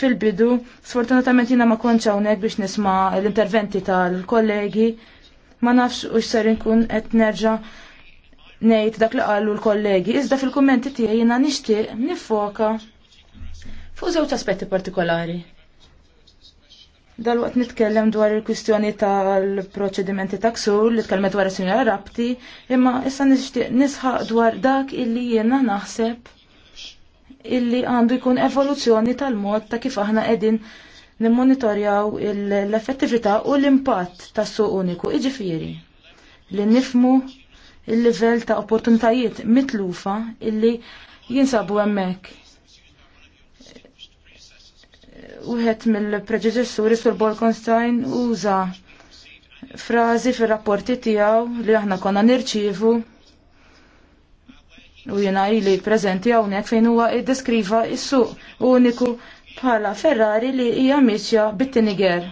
Speaker 3: fil-bidu. Sfortunatament jiena ma kontx hawnhekk biex nisma' l-interventi tal-kollegi. Ma nafx u x'ser inkun qed nerġa' ngħid dak li qalu l-kollegi, iżda fil-kummenti tiegħi jiena nixtieq nifoka fuq żewġ aspetti partikolari. Dalwaqt nitkellem dwar il-kwistjoni tal-proċedimenti ta' ksur li tkellmet dwar is-sinjora Rabti, imma issa nixtieq nisħaq dwar dak illi jiena naħseb illi għandu jkun evoluzzjoni tal-mod ta' kif aħna qegħdin nimmonitorjaw l-effettività u l-impatt tas suq uniku, iġifieri li nifmu il-livell ta' opportunitajiet mitlufa illi jinsabu hemmhekk. Wieħed mill-preġeġessuri sur Bolkonstein uża frażi fir-rapporti tiegħu li aħna konna nirċievu u jena ili preżenti hawnhekk fejn huwa iddeskriva s-suq uniku bħala Ferrari li hija misja bit-tiniger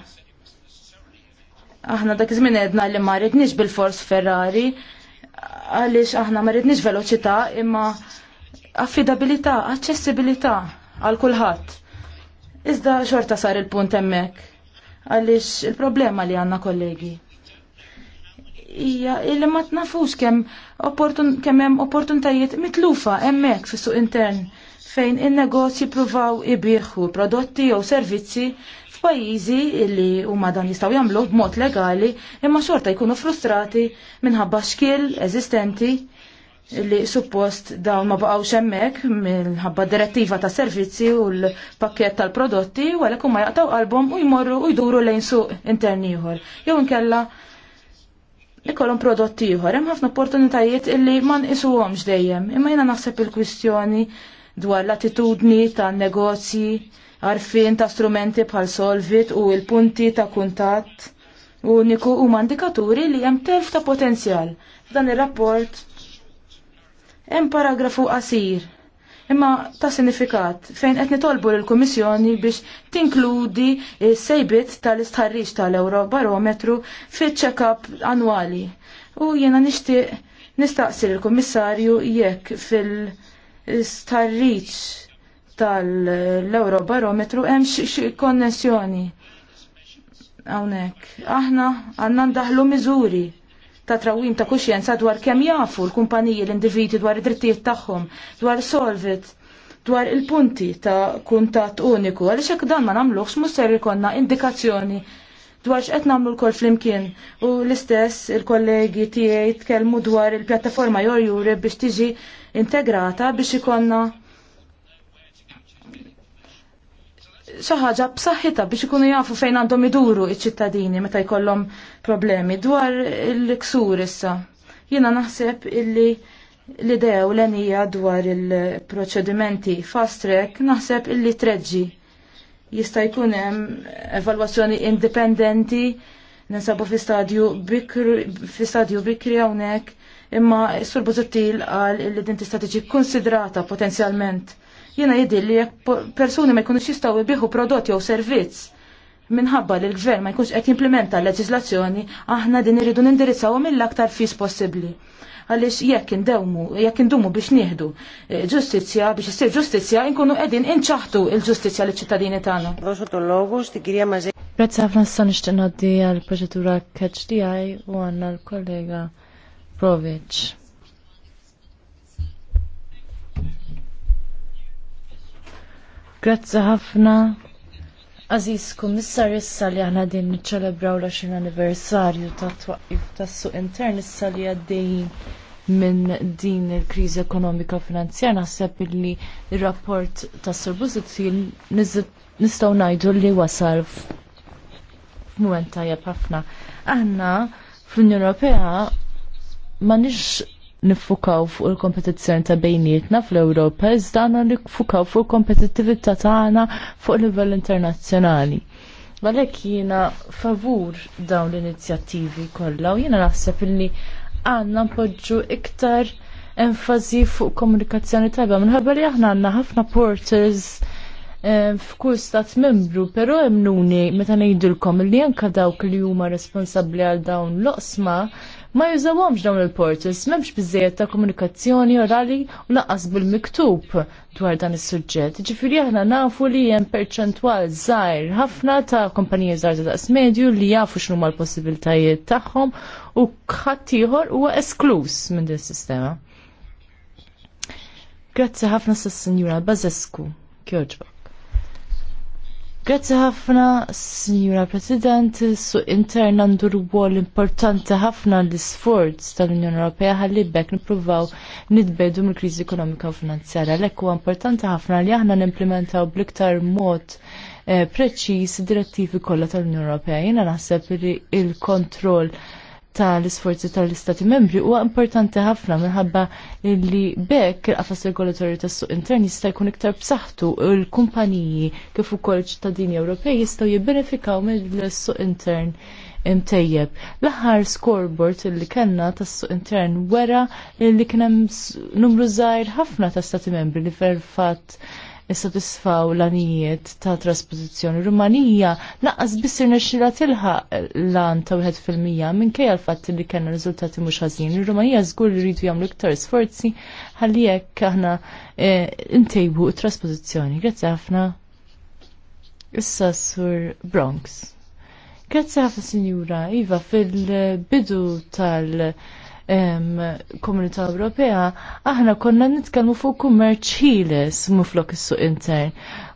Speaker 3: aħna dak iż-żmien li ma rridniex bil-fors Ferrari, għaliex aħna ma rridniex veloċità imma affidabilità, aċċessibilità għal kulħadd. Iżda xorta sar il-punt hemmhekk għaliex il-problema li għandna kollegi. Ija, illi ma tnafux kemm kem kemm hemm opportunitajiet mitlufa hemmhekk fis-suq intern fejn in-negozji pruvaw ibirħu prodotti jew servizzi f'pajjiżi illi huma dan jistgħu jagħmlu b'mod legali imma xorta jkunu frustrati minħabba xkiel eżistenti li suppost dawn ma baqgħux hemmhekk minħabba direttiva ta' servizzi u l-pakkett tal-prodotti u għalhekk huma jaqtaw qalbhom u jmorru u jduru lejn suq intern ieħor. Jew inkella ikollhom prodotti ieħor, hemm ħafna opportunitajiet illi ma nqisuhomx dejjem, imma jiena naħseb il-kwistjoni dwar l-attitudni tan negozji għarfien ta' strumenti bħal solvit u il-punti ta' kuntatt uniku u mandikaturi li hemm telf ta' potenzjal. F'dan ir-rapport hemm paragrafu qasir imma ta' sinifikat fejn qed nitolbu lill kummissjoni biex tinkludi s-sejbit tal-istħarriġ tal-Eurobarometru fit-check-up annwali. U jiena nixtieq nistaqsi l kummissarju jekk fil-istħarriġ tal-Eurobarometru hemm xi konnessjoni hawnhekk. Aħna għandna ndaħlu miżuri ta' trawim ta' kuxjenza dwar kemm jafu l-kumpaniji l-individwi dwar id-drittijiet tagħhom, dwar solvit, dwar il-punti ta' kuntat uniku, għaliex hekk dan ma nagħmluhx ser ikonna indikazzjoni dwar x'qed nagħmlu l-kol flimkien. U l-istess il-kollegi tiegħi tkellmu dwar il-pjattaforma Your Europe biex tiġi integrata biex ikonna xaħġa ħaġa b'saħħitha biex ikunu jafu fejn għandhom iduru iċ-ċittadini meta jkollhom problemi dwar il-ksur issa. Jiena naħseb illi l-idea u l-enija dwar il-proċedimenti fast track naħseb illi treġġi jista' jkun hemm evalwazzjoni indipendenti ninsabu fi stadju bikri fi stadju bikri hawnhekk imma s-sur Bozottil qal li din tista' tiġi konsidrata potenzjalment Jena jidil li persuni ma jkunux jistaw ibiħu prodotti jew servizz minħabba li l-gvern ma jkunx qed jimplementa l-leġislazzjoni, aħna din irridu nindirizzaw mill-aktar fis possibbli. Għaliex jekk indewmu, jekk indumu biex nieħdu eh, ġustizzja, biex issir ġustizzja, nkunu qegħdin inċaħtu l-ġustizzja liċ-ċittadini tagħna.
Speaker 1: Grazzi ħafna issa nixtieq ngħaddi għall-proċedura catch DI u għandna l-kollega Provic. Grazzi ħafna. Aziz kummissar issa li aħna din niċċelebraw la xin anniversarju ta' twaqif tas-suq intern issa li għaddejjin minn din il-kriżi ekonomika finanzjar naħseb illi il rapport tas Sur Busuttil nistgħu ngħidu li wasal f'mument tajjeb ħafna. Aħna fl-Unjoni Ewropea ma nix nifukaw fuq il-kompetizzjoni ta' bejnietna fl-Ewropa, iżda għandna nifukaw fuq il ta' tagħna fuq livell internazzjonali. Għalek jiena favur dawn l-inizjattivi kollha u jiena naħseb illi għandna npoġġu iktar enfasi fuq komunikazzjoni tajba minħabba li aħna għandna ħafna porters eh, f'kull stat membru, però emnuni meta ngħidulkom li anka dawk li huma responsabbli għal dawn l-oqsma ma jużawhomx dawn il-portals, m'hemmx biżejjed ta' komunikazzjoni orali u naqqas bil-miktub dwar dan is-suġġett. Ġifieri aħna nafu li hemm perċentwal żgħir ħafna ta' kumpaniji żgħar ta' daqs medju li jafu x'numa l-possibiltajiet tagħhom u ħadd ieħor huwa esklus minn din is-sistema. Grazzi ħafna sas-Sinjura Bazescu. Kjoġba. Grazzi ħafna, Signora President, su intern għandu rwol importanti ħafna l-sforz tal-Unjoni Ewropea ħalli bekk nippruvaw nitbedu mill-kriżi ekonomika u finanzjarja. Lekk huwa importanti ħafna li aħna nimplementaw bl-iktar mod eh, preċiż direttivi kollha tal-Unjoni Ewropea. Jiena naħseb li il-kontroll il kontroll tal-isforzi tal-Istati membri huwa importanti ħafna minħabba li bekk il-qafas regolatorju tas-suq intern jista' jkun iktar b'saħħtu u l-kumpaniji kif ukoll ċittadini Ewropej jistgħu jibbenefikaw mill-suq intern imtejjeb. L-aħħar scoreboard li kellna tas-suq intern wera li kien hemm numru żgħir ħafna ta' stati membri li fil-fatt jissodisfaw l-anijiet ta' trasposizjoni. Rumanija laqas bissir nesċira tilħa l-an ta' 1% kej għal fat li kena riżultati mhux ħażin. Rumanija żgur li rridu jagħmlu iktar sforzi ħalli aħna aħna e, ntejbu trasposizjoni. Grazzi ħafna. Issa sur Bronx. Grazzi ħafna Sinjura, Iva, fil-bidu tal- komunità Ewropea, aħna konna nitkellmu fuq kummerċ ħieles muflok is-suq intern.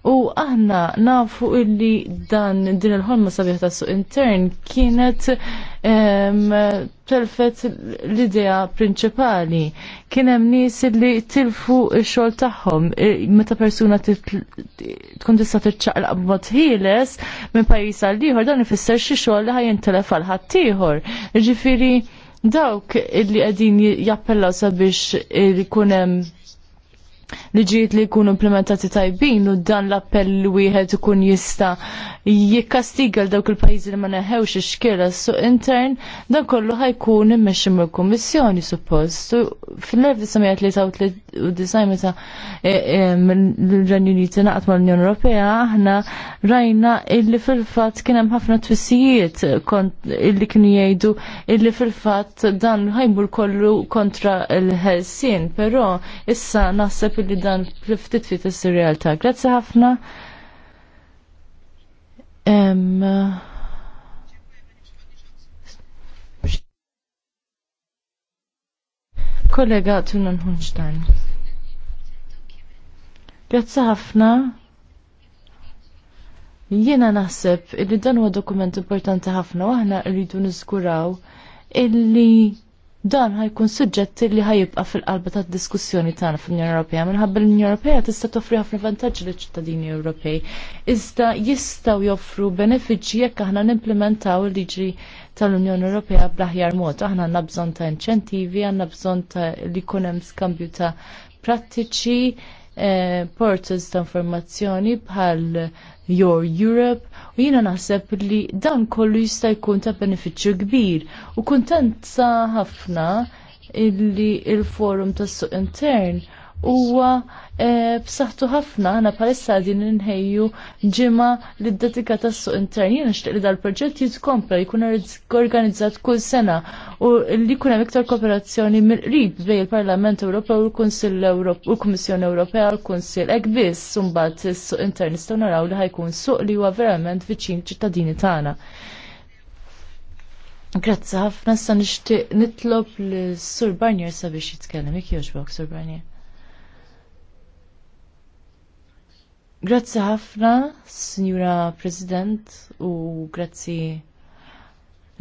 Speaker 1: U aħna nafu illi dan din il-ħolma sabiħ ta' suq intern kienet telfet l-idea prinċipali. Kien hemm nies li tilfu x-xogħol tagħhom e, meta persuna tkun tista' tiċċaqlaq b'mod ħieles minn pajjiż għal ieħor dan ifisser xi xogħol li ħajjin telef għal ħadd ieħor. Ġifieri dawk illi qegħdin jappellaw sabiex li kunem hemm ġiet li jkunu implementati tajbin u dan l-appell li wieħed ikun jista' jikkastiga l-dawk il-pajjiżi li ma neħewx ix-xkiela suq intern, dan kollu ħajkun immexxi mill-Kummissjoni suppost. Fil-1993 meta eh, eh, l-Renju Uniti naqgħet mal-Unjoni Ewropea aħna rajna illi fil-fatt kien hemm ħafna twissijiet illi kienu jgħidu illi fil-fatt dan ħajmur kollu kontra l-ħelsien, però issa naħseb illi dan ftit fit is-realtà. Grazzi ħafna. Em, kollega Tunan Hunstein. Grazie ħafna. Jiena naħseb li dan huwa dokument importanti ħafna u aħna rridu niżguraw illi dan ħajkun suġġetti li ħajibqa fil-qalba tad diskussjoni tagħna fl-Unjoni Ewropea minħabba l-Unjoni Ewropea tista' toffri ħafna vantaġġi liċ-ċittadini Ewropej. Iżda jistgħu joffru benefiċċji jekk aħna nimplementaw il-liġi tal-Unjoni Ewropea bl-aħjar mod. Aħna għandna bżonn ta' inċentivi, għandna bżonn ta' li jkun hemm skambju ta' prattiċi, eh, portals ta' informazzjoni bħal Your Europe u jina naħseb li dan kollu jista' jkun ta' benefiċċju kbir u kuntenza ħafna illi il-forum tas suq intern huwa eh, b'saħħtu ħafna ħana palissa din nħejju ġimgħa li d-datika tas-suq intern. Jien nixtieq li dal-proġett jitkompla jkun organizzat kull sena u li jkun hemm iktar kooperazzjoni mill-qrib bejn il-Parlament Ewropew u l-Kunsill Ewropew u l-Kummissjoni Ewropea u l-Kunsill hekk biss imbagħad is-suq intern nistgħu naraw li ħajkun suq li huwa verament viċin ċittadini tagħna. Grazzi ħafna sa nixtieq nitlob l-Sur Barnier sabiex jitkellem. Jekk jogħġbok, Sur Barnier. Grazzi ħafna, Signora President, u grazzi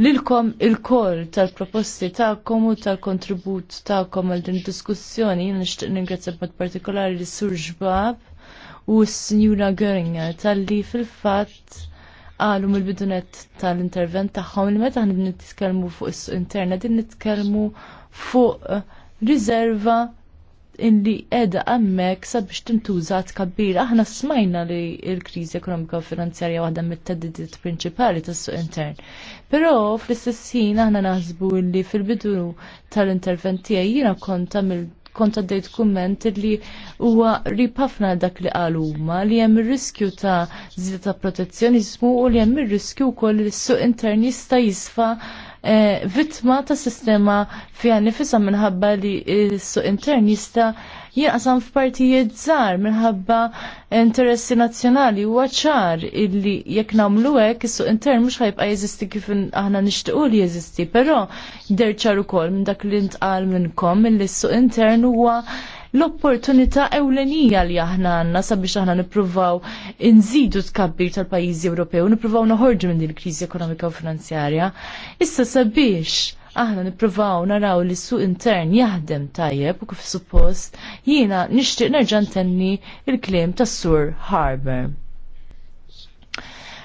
Speaker 1: lilkom il-koll tal-proposti ta'kom u tal-kontribut ta'kom għal din diskussjoni. Nixtieq ningrazzja b'mod partikolari li Sur Ġbab u s-Signora Göringer tal-li fil-fatt għalum mill-bidunet tal-intervent tagħhom li meta ħnib nitkellmu fuq is-internet, nitkellmu fuq riserva illi edha għammek sabiex tintuża tkabbir. Aħna smajna li l-kriżi ekonomika u finanzjarja waħda mit-teddidiet prinċipali tas-suq intern. Però fl-istess ħin aħna naħsbu li fil-bidu tal interventi jiena kont mill kont għaddejt kumment li huwa ripafna dak li qal huma li hemm ir-riskju ta' żieda ta' protezzjonizmu u li hemm ir-riskju wkoll li s-suq intern jista' jisfa' Eh, vittma ta' sistema fiha nifisa minħabba li s-suq intern jista' jinqasam f'partijiet żgħar minħabba interessi nazzjonali huwa ċar illi jekk nagħmlu hekk is-suq intern mhux ħajbqa' jeżisti kif aħna nixtiequ li jeżisti, però derċar ukoll minn dak li ntqal minnkom illi s-suq intern huwa l-opportunità ewlenija li aħna għandna sabiex aħna nippruvaw nżidu tkabbir tal-pajjiżi Ewropew, nippruvaw noħorġu minn din il-kriżi ekonomika u finanzjarja. Issa sabiex aħna nippruvaw naraw li s-suq intern jaħdem tajjeb u kif suppost jiena nixtieq nerġa' ntenni il-kliem tas-Sur Harbour.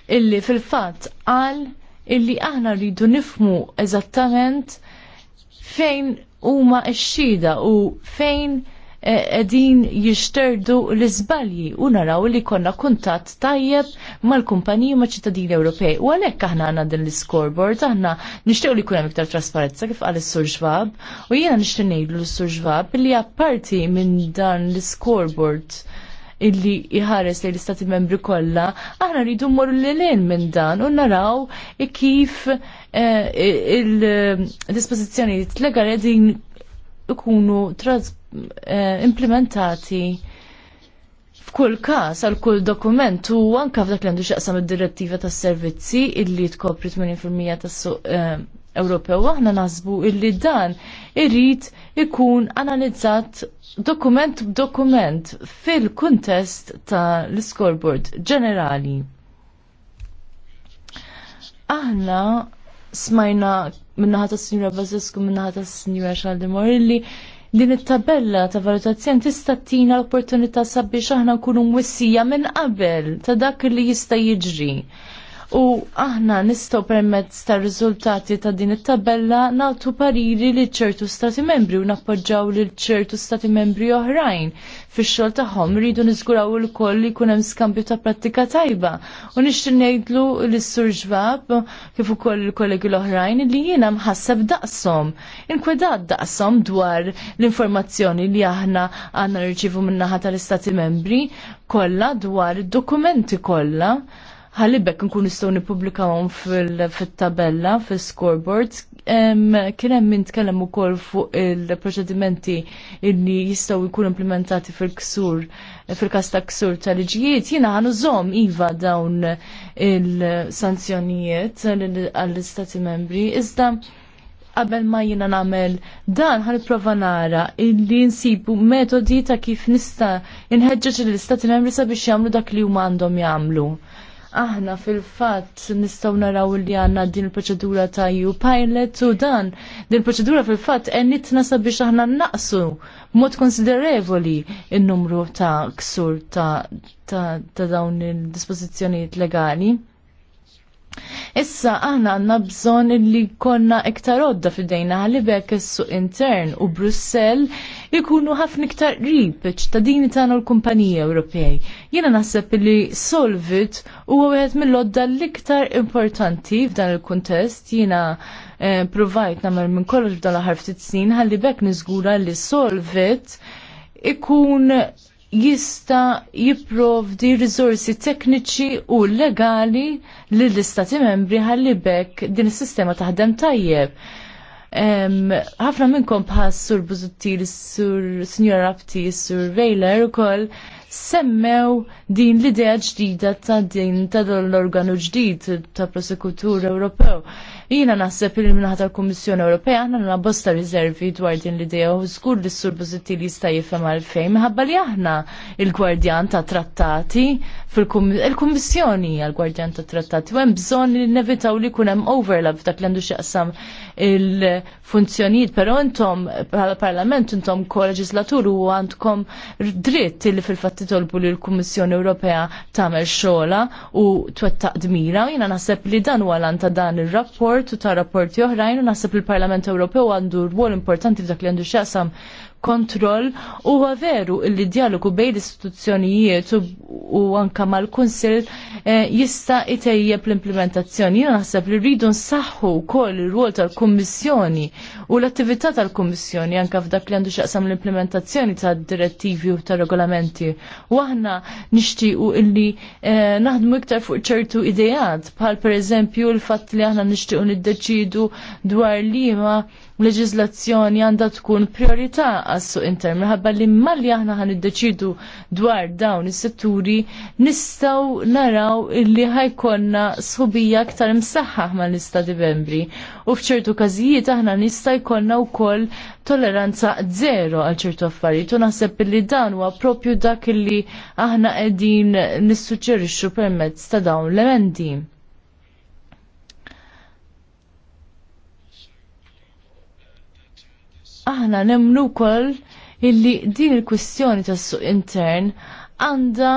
Speaker 1: Illi fil-fatt qal illi aħna rridu nifmu eżattament fejn huma x-xhieda u fejn E, edin jishterdu l-izbalji u naraw li konna kuntat tajjeb mal-kumpaniji ma' ċittadini Ewropej. U għalek aħna għanna din l-scoreboard, aħna nishtiq li kuna iktar trasparenza kif għal sur ġvab u jena nishtiq nejdu l-sur ġvab li apparti minn dan l-scoreboard illi jħares li l-istati membri kollha, aħna rridu morru l-lin minn dan u naraw kif eh, il-dispozizjoni t din ikunu eh, implementati f'kull każ għal kull dokument u anke f'dak li għandu x'aqsam id-direttiva tas-servizzi illi tkopri 80% tas-suq eh, Ewropew aħna nasbu illi dan irrid ikun analizzat dokument b'dokument fil-kuntest ta' l-scoreboard ġenerali. Aħna smajna minnaħat ta' Sinjura Bazesku ħata ta' Sinjura Xaldi Morilli din it-tabella ta' valutazzjoni tista' tina l-opportunità sabiex aħna nkunu mwissija minn qabel ta' dak li jista' jiġri u aħna nistgħu permezz tar-riżultati ta' din it-tabella nagħtu pariri li ċertu stati membri u nappoġġaw lil ċertu stati membri oħrajn fix-xogħol tagħhom iridu niżguraw ukoll li jkun hemm skambju ta' prattika tajba. U nixtieq ngħidlu lis-Sur Ġvab kif ukoll il-kollegi l-oħrajn li jiena mħassab daqshom. Inkwedat daqshom dwar l-informazzjoni li aħna għandna nirċivu min-naħa tal-Istati Membri kollha dwar id-dokumenti kollha ħalibek nkun nistgħu nippubblikawhom fit-tabella fil scoreboard Kien hemm min tkellem ukoll fuq il-proċedimenti li jistgħu jkunu implementati fil-ksur fil-każ ta' ksur tal liġijiet jiena ħanużhom iva dawn il-sanzjonijiet għall-istati membri iżda qabel ma jina namel dan prova nara illi nsibu metodi ta' kif nista' inħeġġeġ l-istati membri sabiex jagħmlu dak li huma għandhom jagħmlu aħna fil-fatt nistgħu naraw li għandna din il-proċedura ta' EU pilot u dan din il-proċedura fil-fatt qennitna sabiex aħna naqsu b'mod konsiderevoli n numru ta' ksur ta', ta, ta dawn il-dispożizzjonijiet legali. Issa aħna għandna bżonn li konna iktar odda fidejna ħalibek is-suq intern u Brussell ikunu ħafna iktar qrib ċittadini tagħna l-kumpaniji Ewropej. Jiena naħseb li Solvit huwa wieħed mill-odda l-iktar importanti f'dan il-kuntest jiena eh, provajt nagħmel minn kollox f'dan l-aħħar ftit snin ħalli niżgura li Solvit ikun jista jipprovdi rizorsi tekniċi u legali li l-istati membri għalli bekk din is-sistema taħdem tajjeb. Għafna minnkom bħas sur Buzuttil, sur Signor Rapti, sur Vejler ukoll semmew din l-idea ġdida ta' din ta' l-organu ġdid ta' prosekutur Ewropew. Jiena naħseb li minnaħat tal-Kummissjoni Ewropea għanna għandna bosta riservi dwar din l-idea u żgur li s-sur Busittil jista' jifhem għalfejn minħabba li aħna il-gwardjan ta' trattati fil-Kummissjoni għal-Gwardjan ta' Trattati. u Hemm bżonn li nevitaw li kun hemm overlap dak li għandu x'jaqsam il-funzjonijiet, però intom bħala Parlament intom koleġislatur u għandkom dritt li fil-fatt titolbu li l-Kummissjoni Ewropea tagħmel xogħla u twettaq dmira. Jiena naħseb li dan huwa lan ta' dan ir-rapport u ta' rapporti oħrajn u naħseb li l-Parlament Ewropew għandu rwol importanti f'dak li għandu x'jaqsam kontroll huwa veru li dialogu bejn l-istituzzjonijiet u anka mal-Kunsill eh, jista' itejjeb l-implementazzjoni. Jien naħseb li rridu nsaħħu wkoll ir-rwol tal-Kummissjoni u l-attività tal-Kummissjoni anke f'dak li għandu x'aqsam l-implementazzjoni tad-direttivi u tar-regolamenti. U aħna nixtiequ illi eh, naħdmu iktar fuq ċertu idejat bħal pereżempju l-fatt li aħna nixtiequ niddeċidu dwar liema leġizlazzjoni għandha tkun priorità għas-suq intern minħabba li malli aħna ħan iddeċidu dwar dawn is-setturi nistgħu naraw illi ħajkonna sħubija aktar imsaħħaħ mal-istati membri u f'ċertu każijiet aħna nista' jkollna wkoll tolleranza zero għal ċertu affarijiet u naħseb li dan huwa propju dak illi aħna qegħdin nissuġġerixxu permezz ta' dawn l-emendi. aħna nemmnu wkoll illi din il-kwistjoni tas-suq intern għandha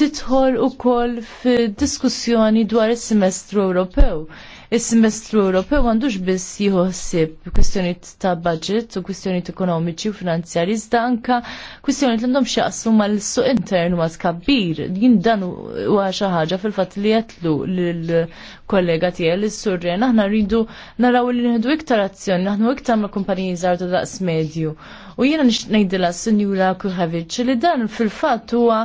Speaker 1: titħol ukoll fid-diskussjoni dwar is-semestru Ewropew Is-semestru Ewropew għandux biss jħossib kwistjonijiet ta' budget u kwistjonijiet ekonomiċi u finanzjari iżda anka kwistjonijiet li għandhom x'jaqsmu mal-suq intern huwa skabbir, Jien dan huwa xi ħaġa fil-fatt li jatlu lil kollega tiegħi li surre Naħna aħna rridu naraw li nieħdu iktar azzjoni, naħnu iktar ma' kumpaniji żgħar ta' daqs medju. U jiena ngħidilha Sinjura Kuhavic li dan fil-fatt huwa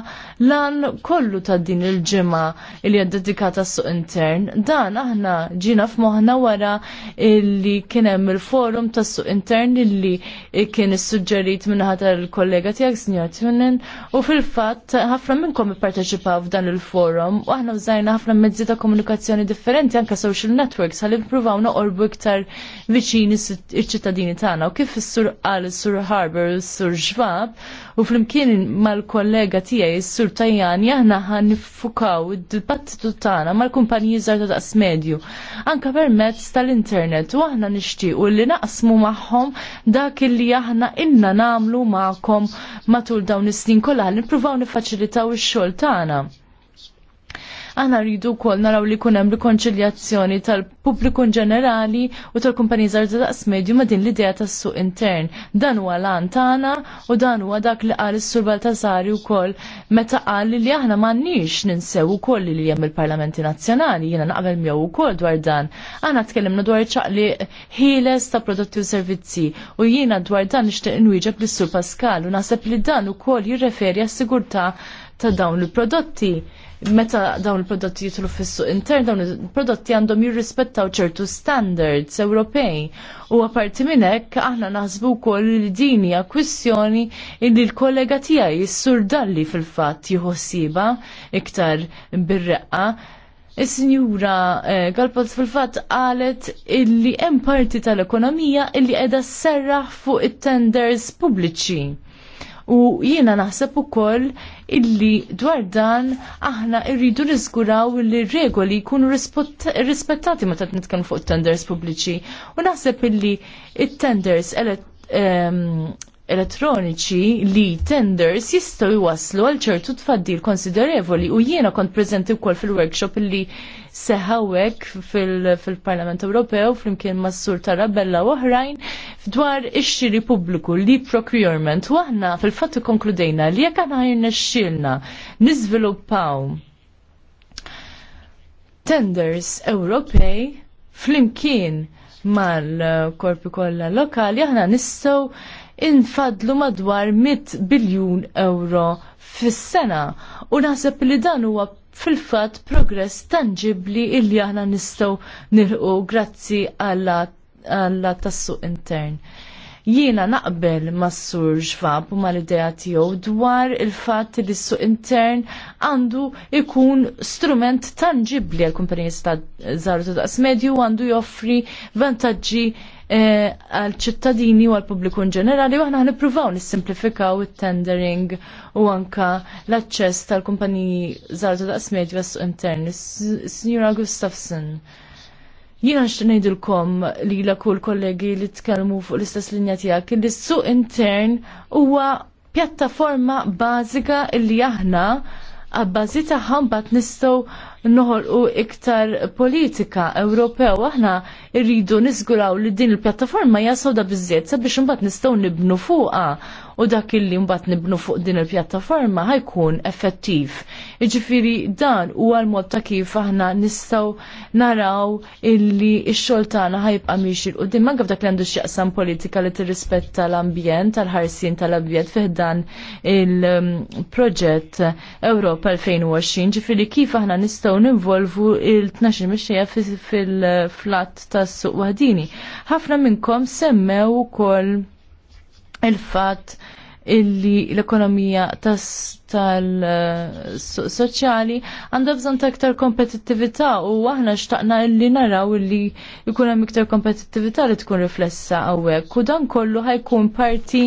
Speaker 1: lan kollu ta' din il-ġimgħa li hija dedikata suq intern. Dan aħna ġina f'moħħna wara li kien hemm il-forum tas suq intern li kien issuġġerit minnaħa l kollega tiegħek Sinjor Tunin u fil-fatt ħafna minnkom ipparteċipaw f'dan il-forum u aħna użajna ħafna mezzi ta' komunikazzjoni differenti anke social networks ħalli nippruvaw noqorbu iktar viċini iċ-ċittadini tagħna u kif is-sur għal is-sur Harbour sur Xvab u flimkien mal-kollega tiegħi sur Tajani aħna ħan nifukaw id battitu tagħna mal-kumpaniji żgħar ta' daqs medju anke permezz tal-internet u aħna nixtiequ li naqsmu magħhom dak illi aħna inna nagħmlu magħkom matul dawn is-snin kollha nippruvaw niffaċilitaw ix-xogħol tagħna. Aħna rridu wkoll naraw li jkun hemm rikonċiljazzjoni tal-pubbliku ġenerali u tal-kumpaniji żgħar daqs medju ma' din l-idea tas-suq intern. Dan huwa lan tagħna u dan huwa dak li qal is-Sur Baltasari wkoll meta qal li aħna m'għandniex ninsew ukoll li hemm il-Parlamenti Nazzjonali jiena naqbel miegħu wkoll dwar dan. Aħna tkellimna dwar ċaqli ħieles ta' prodotti u servizzi u jiena dwar dan nixtieq inwieġeb lis-Sur Pascal u naħseb li dan ukoll jirreferi għas-sigurtà ta' dawn il-prodotti meta dawn il-prodotti jitlu fis-suq intern, dawn il-prodotti għandhom jirrispettaw ċertu standards Ewropej. U apparti minn hekk aħna naħsbu wkoll li din hija kwistjoni li l-kollega tiegħi jissur dalli fil-fatt jħossiba iktar bir-reqqa. Is-sinjura eh, Galpolz fil-fatt qalet illi hemm parti tal-ekonomija illi qiegħda sserraħ fuq it-tenders pubbliċi U jiena naħseb ukoll illi dwar dan aħna rridu niżguraw li regoli jkunu rispettati meta qed nitkellmu fuq tenders pubbliċi. U naħseb illi it-tenders elettroniċi li tenders jistgħu jwaslu għal ċertu tfaddil konsiderevoli u jiena kont preżenti wkoll fil-workshop illi seħawek fil-Parlament Ewropew flimkien mas-sur Tarabella u oħrajn dwar ix-xiri pubbliku li procurement u aħna fil-fatt ikkonkludejna li jekk aħna jirnexxielna niżviluppaw tenders Ewropej flimkien mal-korpi kollha lokali aħna nistgħu infadlu madwar 100 biljun euro fis-sena u naħseb li dan huwa fil-fat progress tangibli illi aħna nistaw nilqu grazzi għalla suq intern. Jiena naqbel s sur ġvab u mal-idea tiegħu dwar il-fatt li s-suq intern għandu ikun strument tangibli għal kumpanijiet ta' żaru ta' medju għandu joffri vantaġġi Eh, għal ċittadini u għal pubbliku in ġenerali u aħna nippruvaw nissimplifikaw it-tendering u anka l-aċċess tal-kumpaniji żgħar daqs medju għas intern. Signora Gustafsson, Jina ngħidilkom li la kull kollegi li tkellmu fuq l-istess linja tiegħek li s-suq intern huwa pjattaforma bażika li aħna għabbażi tagħhom mbagħad nistgħu noħolqu iktar politika Ewropew aħna rridu niżguraw li din il-pjattaforma hija sewda biżjed sabiex imbagħad nistgħu nibnu fuqha u dak illi mbagħad nibnu fuq din il-pjattaforma ħajkun effettiv. Jiġifieri dan huwa l-mod ta' kif aħna nistgħu naraw illi x-xogħol tagħna ħajbqa' miex il qudiem anke f'dak li għandu x'jaqsam politika li tirrispetta l-ambjent tal-ħarsien tal-ambjent fih dan il-proġett Ewropa 2020, ġifieri kif aħna nistgħu ninvolvu il-12 mixejja fil-flatt tas-suq waħdini. Ħafna minnkom semmew ukoll il-fatt illi l-ekonomija tal-soċjali għandha bżonn ta' iktar kompetittività u aħna xtaqna illi naraw illi jkun hemm iktar kompetittività li tkun riflessa hawnhekk u dan kollu ħajkun parti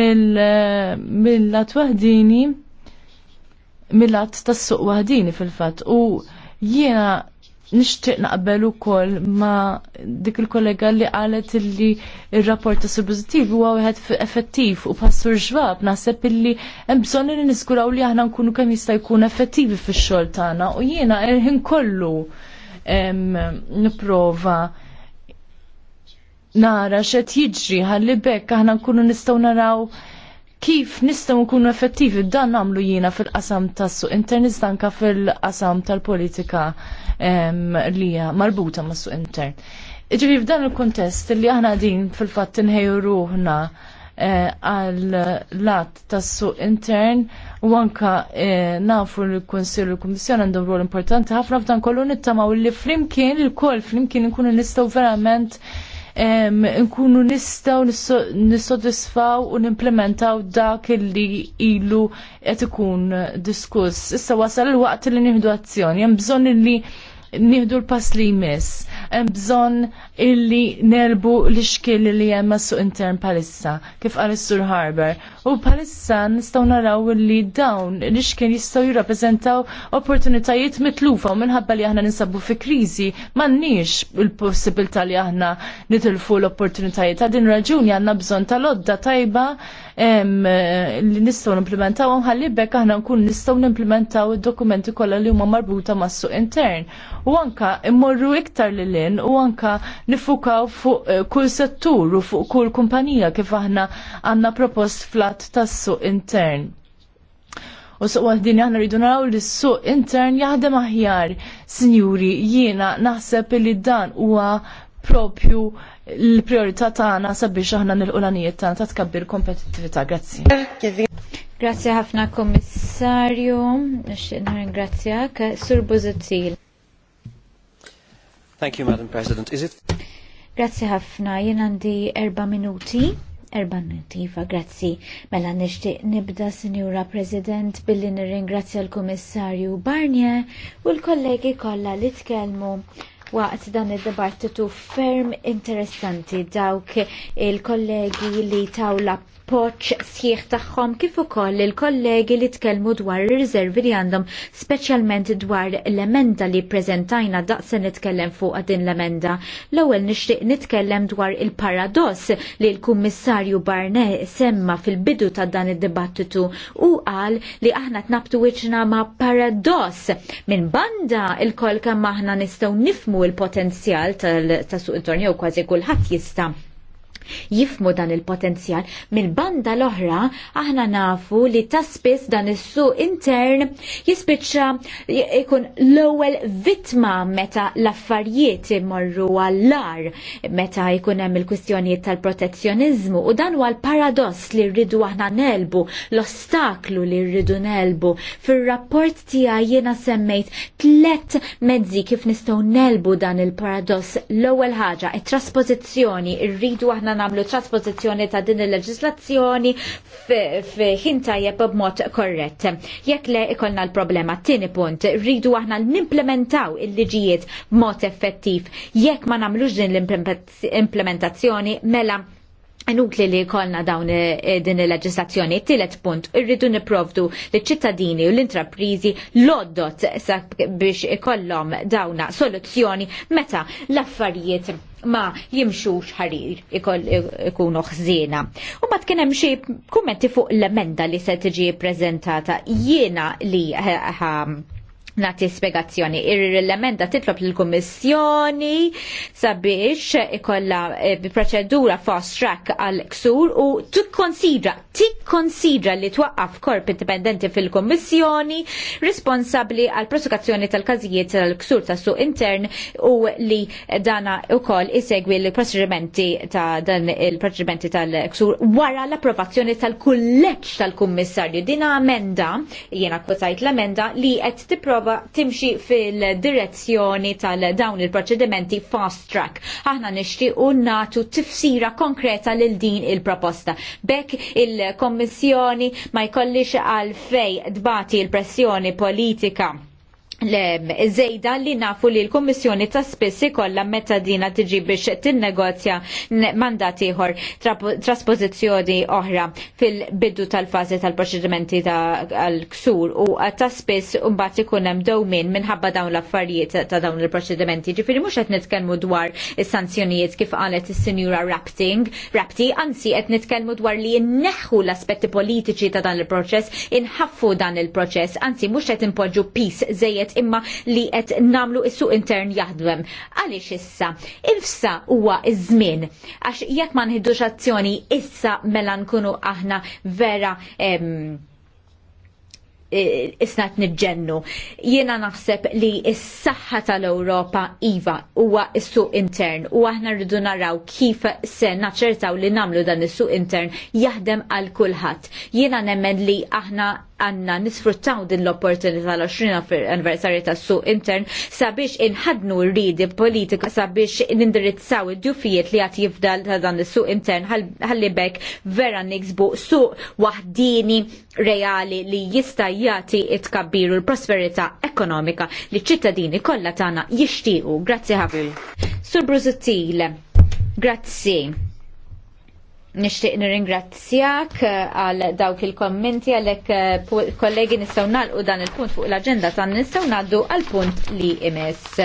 Speaker 1: mill-lat waħdini mill-lat tas-suq waħdini fil-fatt u jiena nixtieq naqbel ukoll ma dik il-kollega li qalet illi ir-rapport ta' subpożittiv huwa wieħed effettiv u passur ġwab naħseb illi hemm bżonn li niżguraw li aħna nkunu kemm jista' jkun effettivi fix-xogħol tagħna u jiena irħin kollu nipprova nara xed jiġri ħalli bekk aħna nkunu nistgħu naraw kif nistgħu nkunu effettivi dan nagħmlu jiena fil-qasam tas-suq intern iżda anke fil-qasam tal-politika li hija marbuta mas-suq intern. Ġifi f'dan il-kontest li aħna din fil-fatt inħejju ruħna eh, għal lat tas-suq intern u anka eh, nafu li l-Konsil u l-Kommissjon għandhom rol importanti ħafna f'dan kollu nittamaw li flimkien il flimkien nkunu nistgħu verament nkunu nistaw nissodisfaw u nimplementaw dak li ilu qed ikun diskuss. Issa wasal il-waqt li nieħdu azzjoni, hemm bżonn li nieħdu l-pass li jmiss, hemm bżonn illi nerbu l-iskilli li hemm mas-suq intern palissa, kif qal is-Sur Harbor. U palissa nistgħu naraw li dawn l-iskil jistgħu jirrappreżentaw opportunitajiet mitlufa u minħabba li aħna ninsabu fi kriżi m'għandniex il-possibilità li aħna nitilfu l-opportunitajiet. Ta' din raġuni għandna bżonn tal-odda tajba li nistgħu nimplementaw ħalli bekk aħna nkun nistgħu nimplementaw id-dokumenti kollha li huma marbuta mas-suq intern. U anka immorru iktar lil u anka nifukaw fuq eh, kull settur u fuq kull kumpanija kif aħna għandna propost flat tas-suq intern. U suq għaddin għanna rridu naraw li s-suq intern jaħdem aħjar, sinjuri, jiena naħseb li dan huwa propju l-priorità tagħna sabiex aħna nil-qulanijiet tagħna ta' tkabbir kompetittività. Grazzi. Grazzi ħafna Kommissarju, nixtieq
Speaker 2: nirringrazzjak. Sur Bużittil.
Speaker 3: Thank you, Madam President. Is it...
Speaker 2: Grazzi ħafna, jien għandi erba minuti. Erba minuti, fa iva, grazzi. Mela nixtieq nibda, Sinjura President, billi nirringrazzja l-Kummissarju Barnier u l-kollegi kollha li tkellmu waqt dan id-dibattitu ferm interessanti dawk il-kollegi li taw l poċ sħiħ tagħhom kif ukoll il-kollegi li tkellmu dwar ir-riservi li għandhom speċjalment dwar l-emenda li preżentajna daqsen nitkellem fuq din l-emenda. L-ewwel nixtieq nitkellem dwar il-paradoss li l-Kummissarju Barnet semma fil-bidu ta' dan id-dibattitu u qal li aħna tnabtu wiċna ma' paradoss minn banda il-kol kemm aħna nistgħu nifmu il-potenzjal tal-suq intorni u kważi kulħadd jista' jifmu dan il-potenzjal. Minn banda l-oħra, aħna nafu li ta' spiss dan is-suq intern jispiċċa ikun l-ewwel vittma meta l-affarijiet imorru għall-lar, meta jkun hemm il-kwistjonijiet tal-protezzjonizmu u dan huwa l-paradoss li rridu aħna nelbu, l-ostaklu li rridu nelbu. Fir-rapport tiegħi jiena semmejt tlet mezzi kif nistgħu nelbu dan il-paradoss. L-ewwel ħaġa, it-trasposizzjoni rridu aħna namlu nagħmlu ta' din il-leġislazzjoni f'ħin tajjeb b'mod korrett. Jekk le ikolna l-problema tieni punt, rridu aħna nimplementaw il-liġijiet b'mod effettiv. Jekk ma nagħmlux din l-implementazzjoni mela Nukli li kolna dawn eh, eh, din il-leġislazzjoni. Tillet punt, irridu niprovdu li ċittadini u l-intraprizi loddot biex kollom dawna soluzzjoni meta l-affarijiet ma jimxux ħarir eh, ikunu xżina. U ma kienem hemm xi kummenti fuq l-emenda li se tiġi prezentata jiena li Nati spiegazzjoni, ir rilemenda titlob l-Kommissjoni sabiex ikolla eh, proċedura fast track għal ksur u tikkonsidra, tikkonsidra li twaqqaf korp indipendenti fil-Kommissjoni responsabli għal prosegazzjoni tal-każijiet tal-ksur tas suq intern u li dana ukoll isegwi l-proċedimenti ta' dan il-proċedimenti tal-ksur wara l-approvazzjoni tal-kulleġġ tal-Kummissarju. Dina amenda, jiena kwotajt l-amenda li qed tipprova tipprova timxi fil-direzzjoni tal-dawn il-proċedimenti fast track. Aħna nixtiequ unnatu tifsira konkreta lil din il-proposta. Bek il-Kommissjoni ma jkollix għalfej dbati l pressjoni politika Zejda li nafu li l-Kommissjoni ta' spessi kolla meta dina tiġi biex tinnegozja mandat ieħor trasposizzjoni oħra fil-bidu tal-fażi tal-proċedimenti l ksur u ta' spess un ikun hemm dowmin minħabba dawn l-affarijiet ta' dawn il-proċedimenti. Ġifiri mhux qed nitkellmu dwar is-sanzjonijiet kif qalet is senjura Rapting, Rapti, anzi qed nitkellmu dwar li nneħħu l-aspetti politiċi ta' dan il-proċess, inħaffu dan il-proċess, anzi mhux qed impoġġu pis żejjed imma li qed namlu is-suq intern jaħdem. Għaliex issa? Ifsa huwa iż-żmien għax jekk ma nħiddux azzjoni issa mela nkunu aħna vera em, e, isnat nibġennu. Jiena naħseb li s-saħħa tal-Ewropa iva huwa s-suq intern u aħna rridu naraw kif se naċertaw li namlu dan is-suq intern jaħdem għal kulħadd. Jiena nemmen li aħna għanna nisfruttaw din l-opportunità l-20 anniversarju tas suq intern sabiex inħadnu rridi politika sabiex nindirizzaw id-djufijiet li għat jifdal ta' dan is suq intern ħalli bekk vera niksbu suq wahdini reali li jista' jagħti kabbiru l-prosperità ekonomika li ċittadini kollha tagħna jixtiequ. Grazzi ħafna. Sur Bruzzutile, grazzi. Nishtiq nirringrazzjak eh, għal dawk il-kommenti għalek eh, kollegi nistaw nalqu dan il-punt fuq l-agenda tan nistaw naddu għal punt li imess.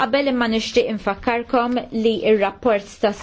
Speaker 2: Qabel imma nixtieq infakkarkom li il rapport ta'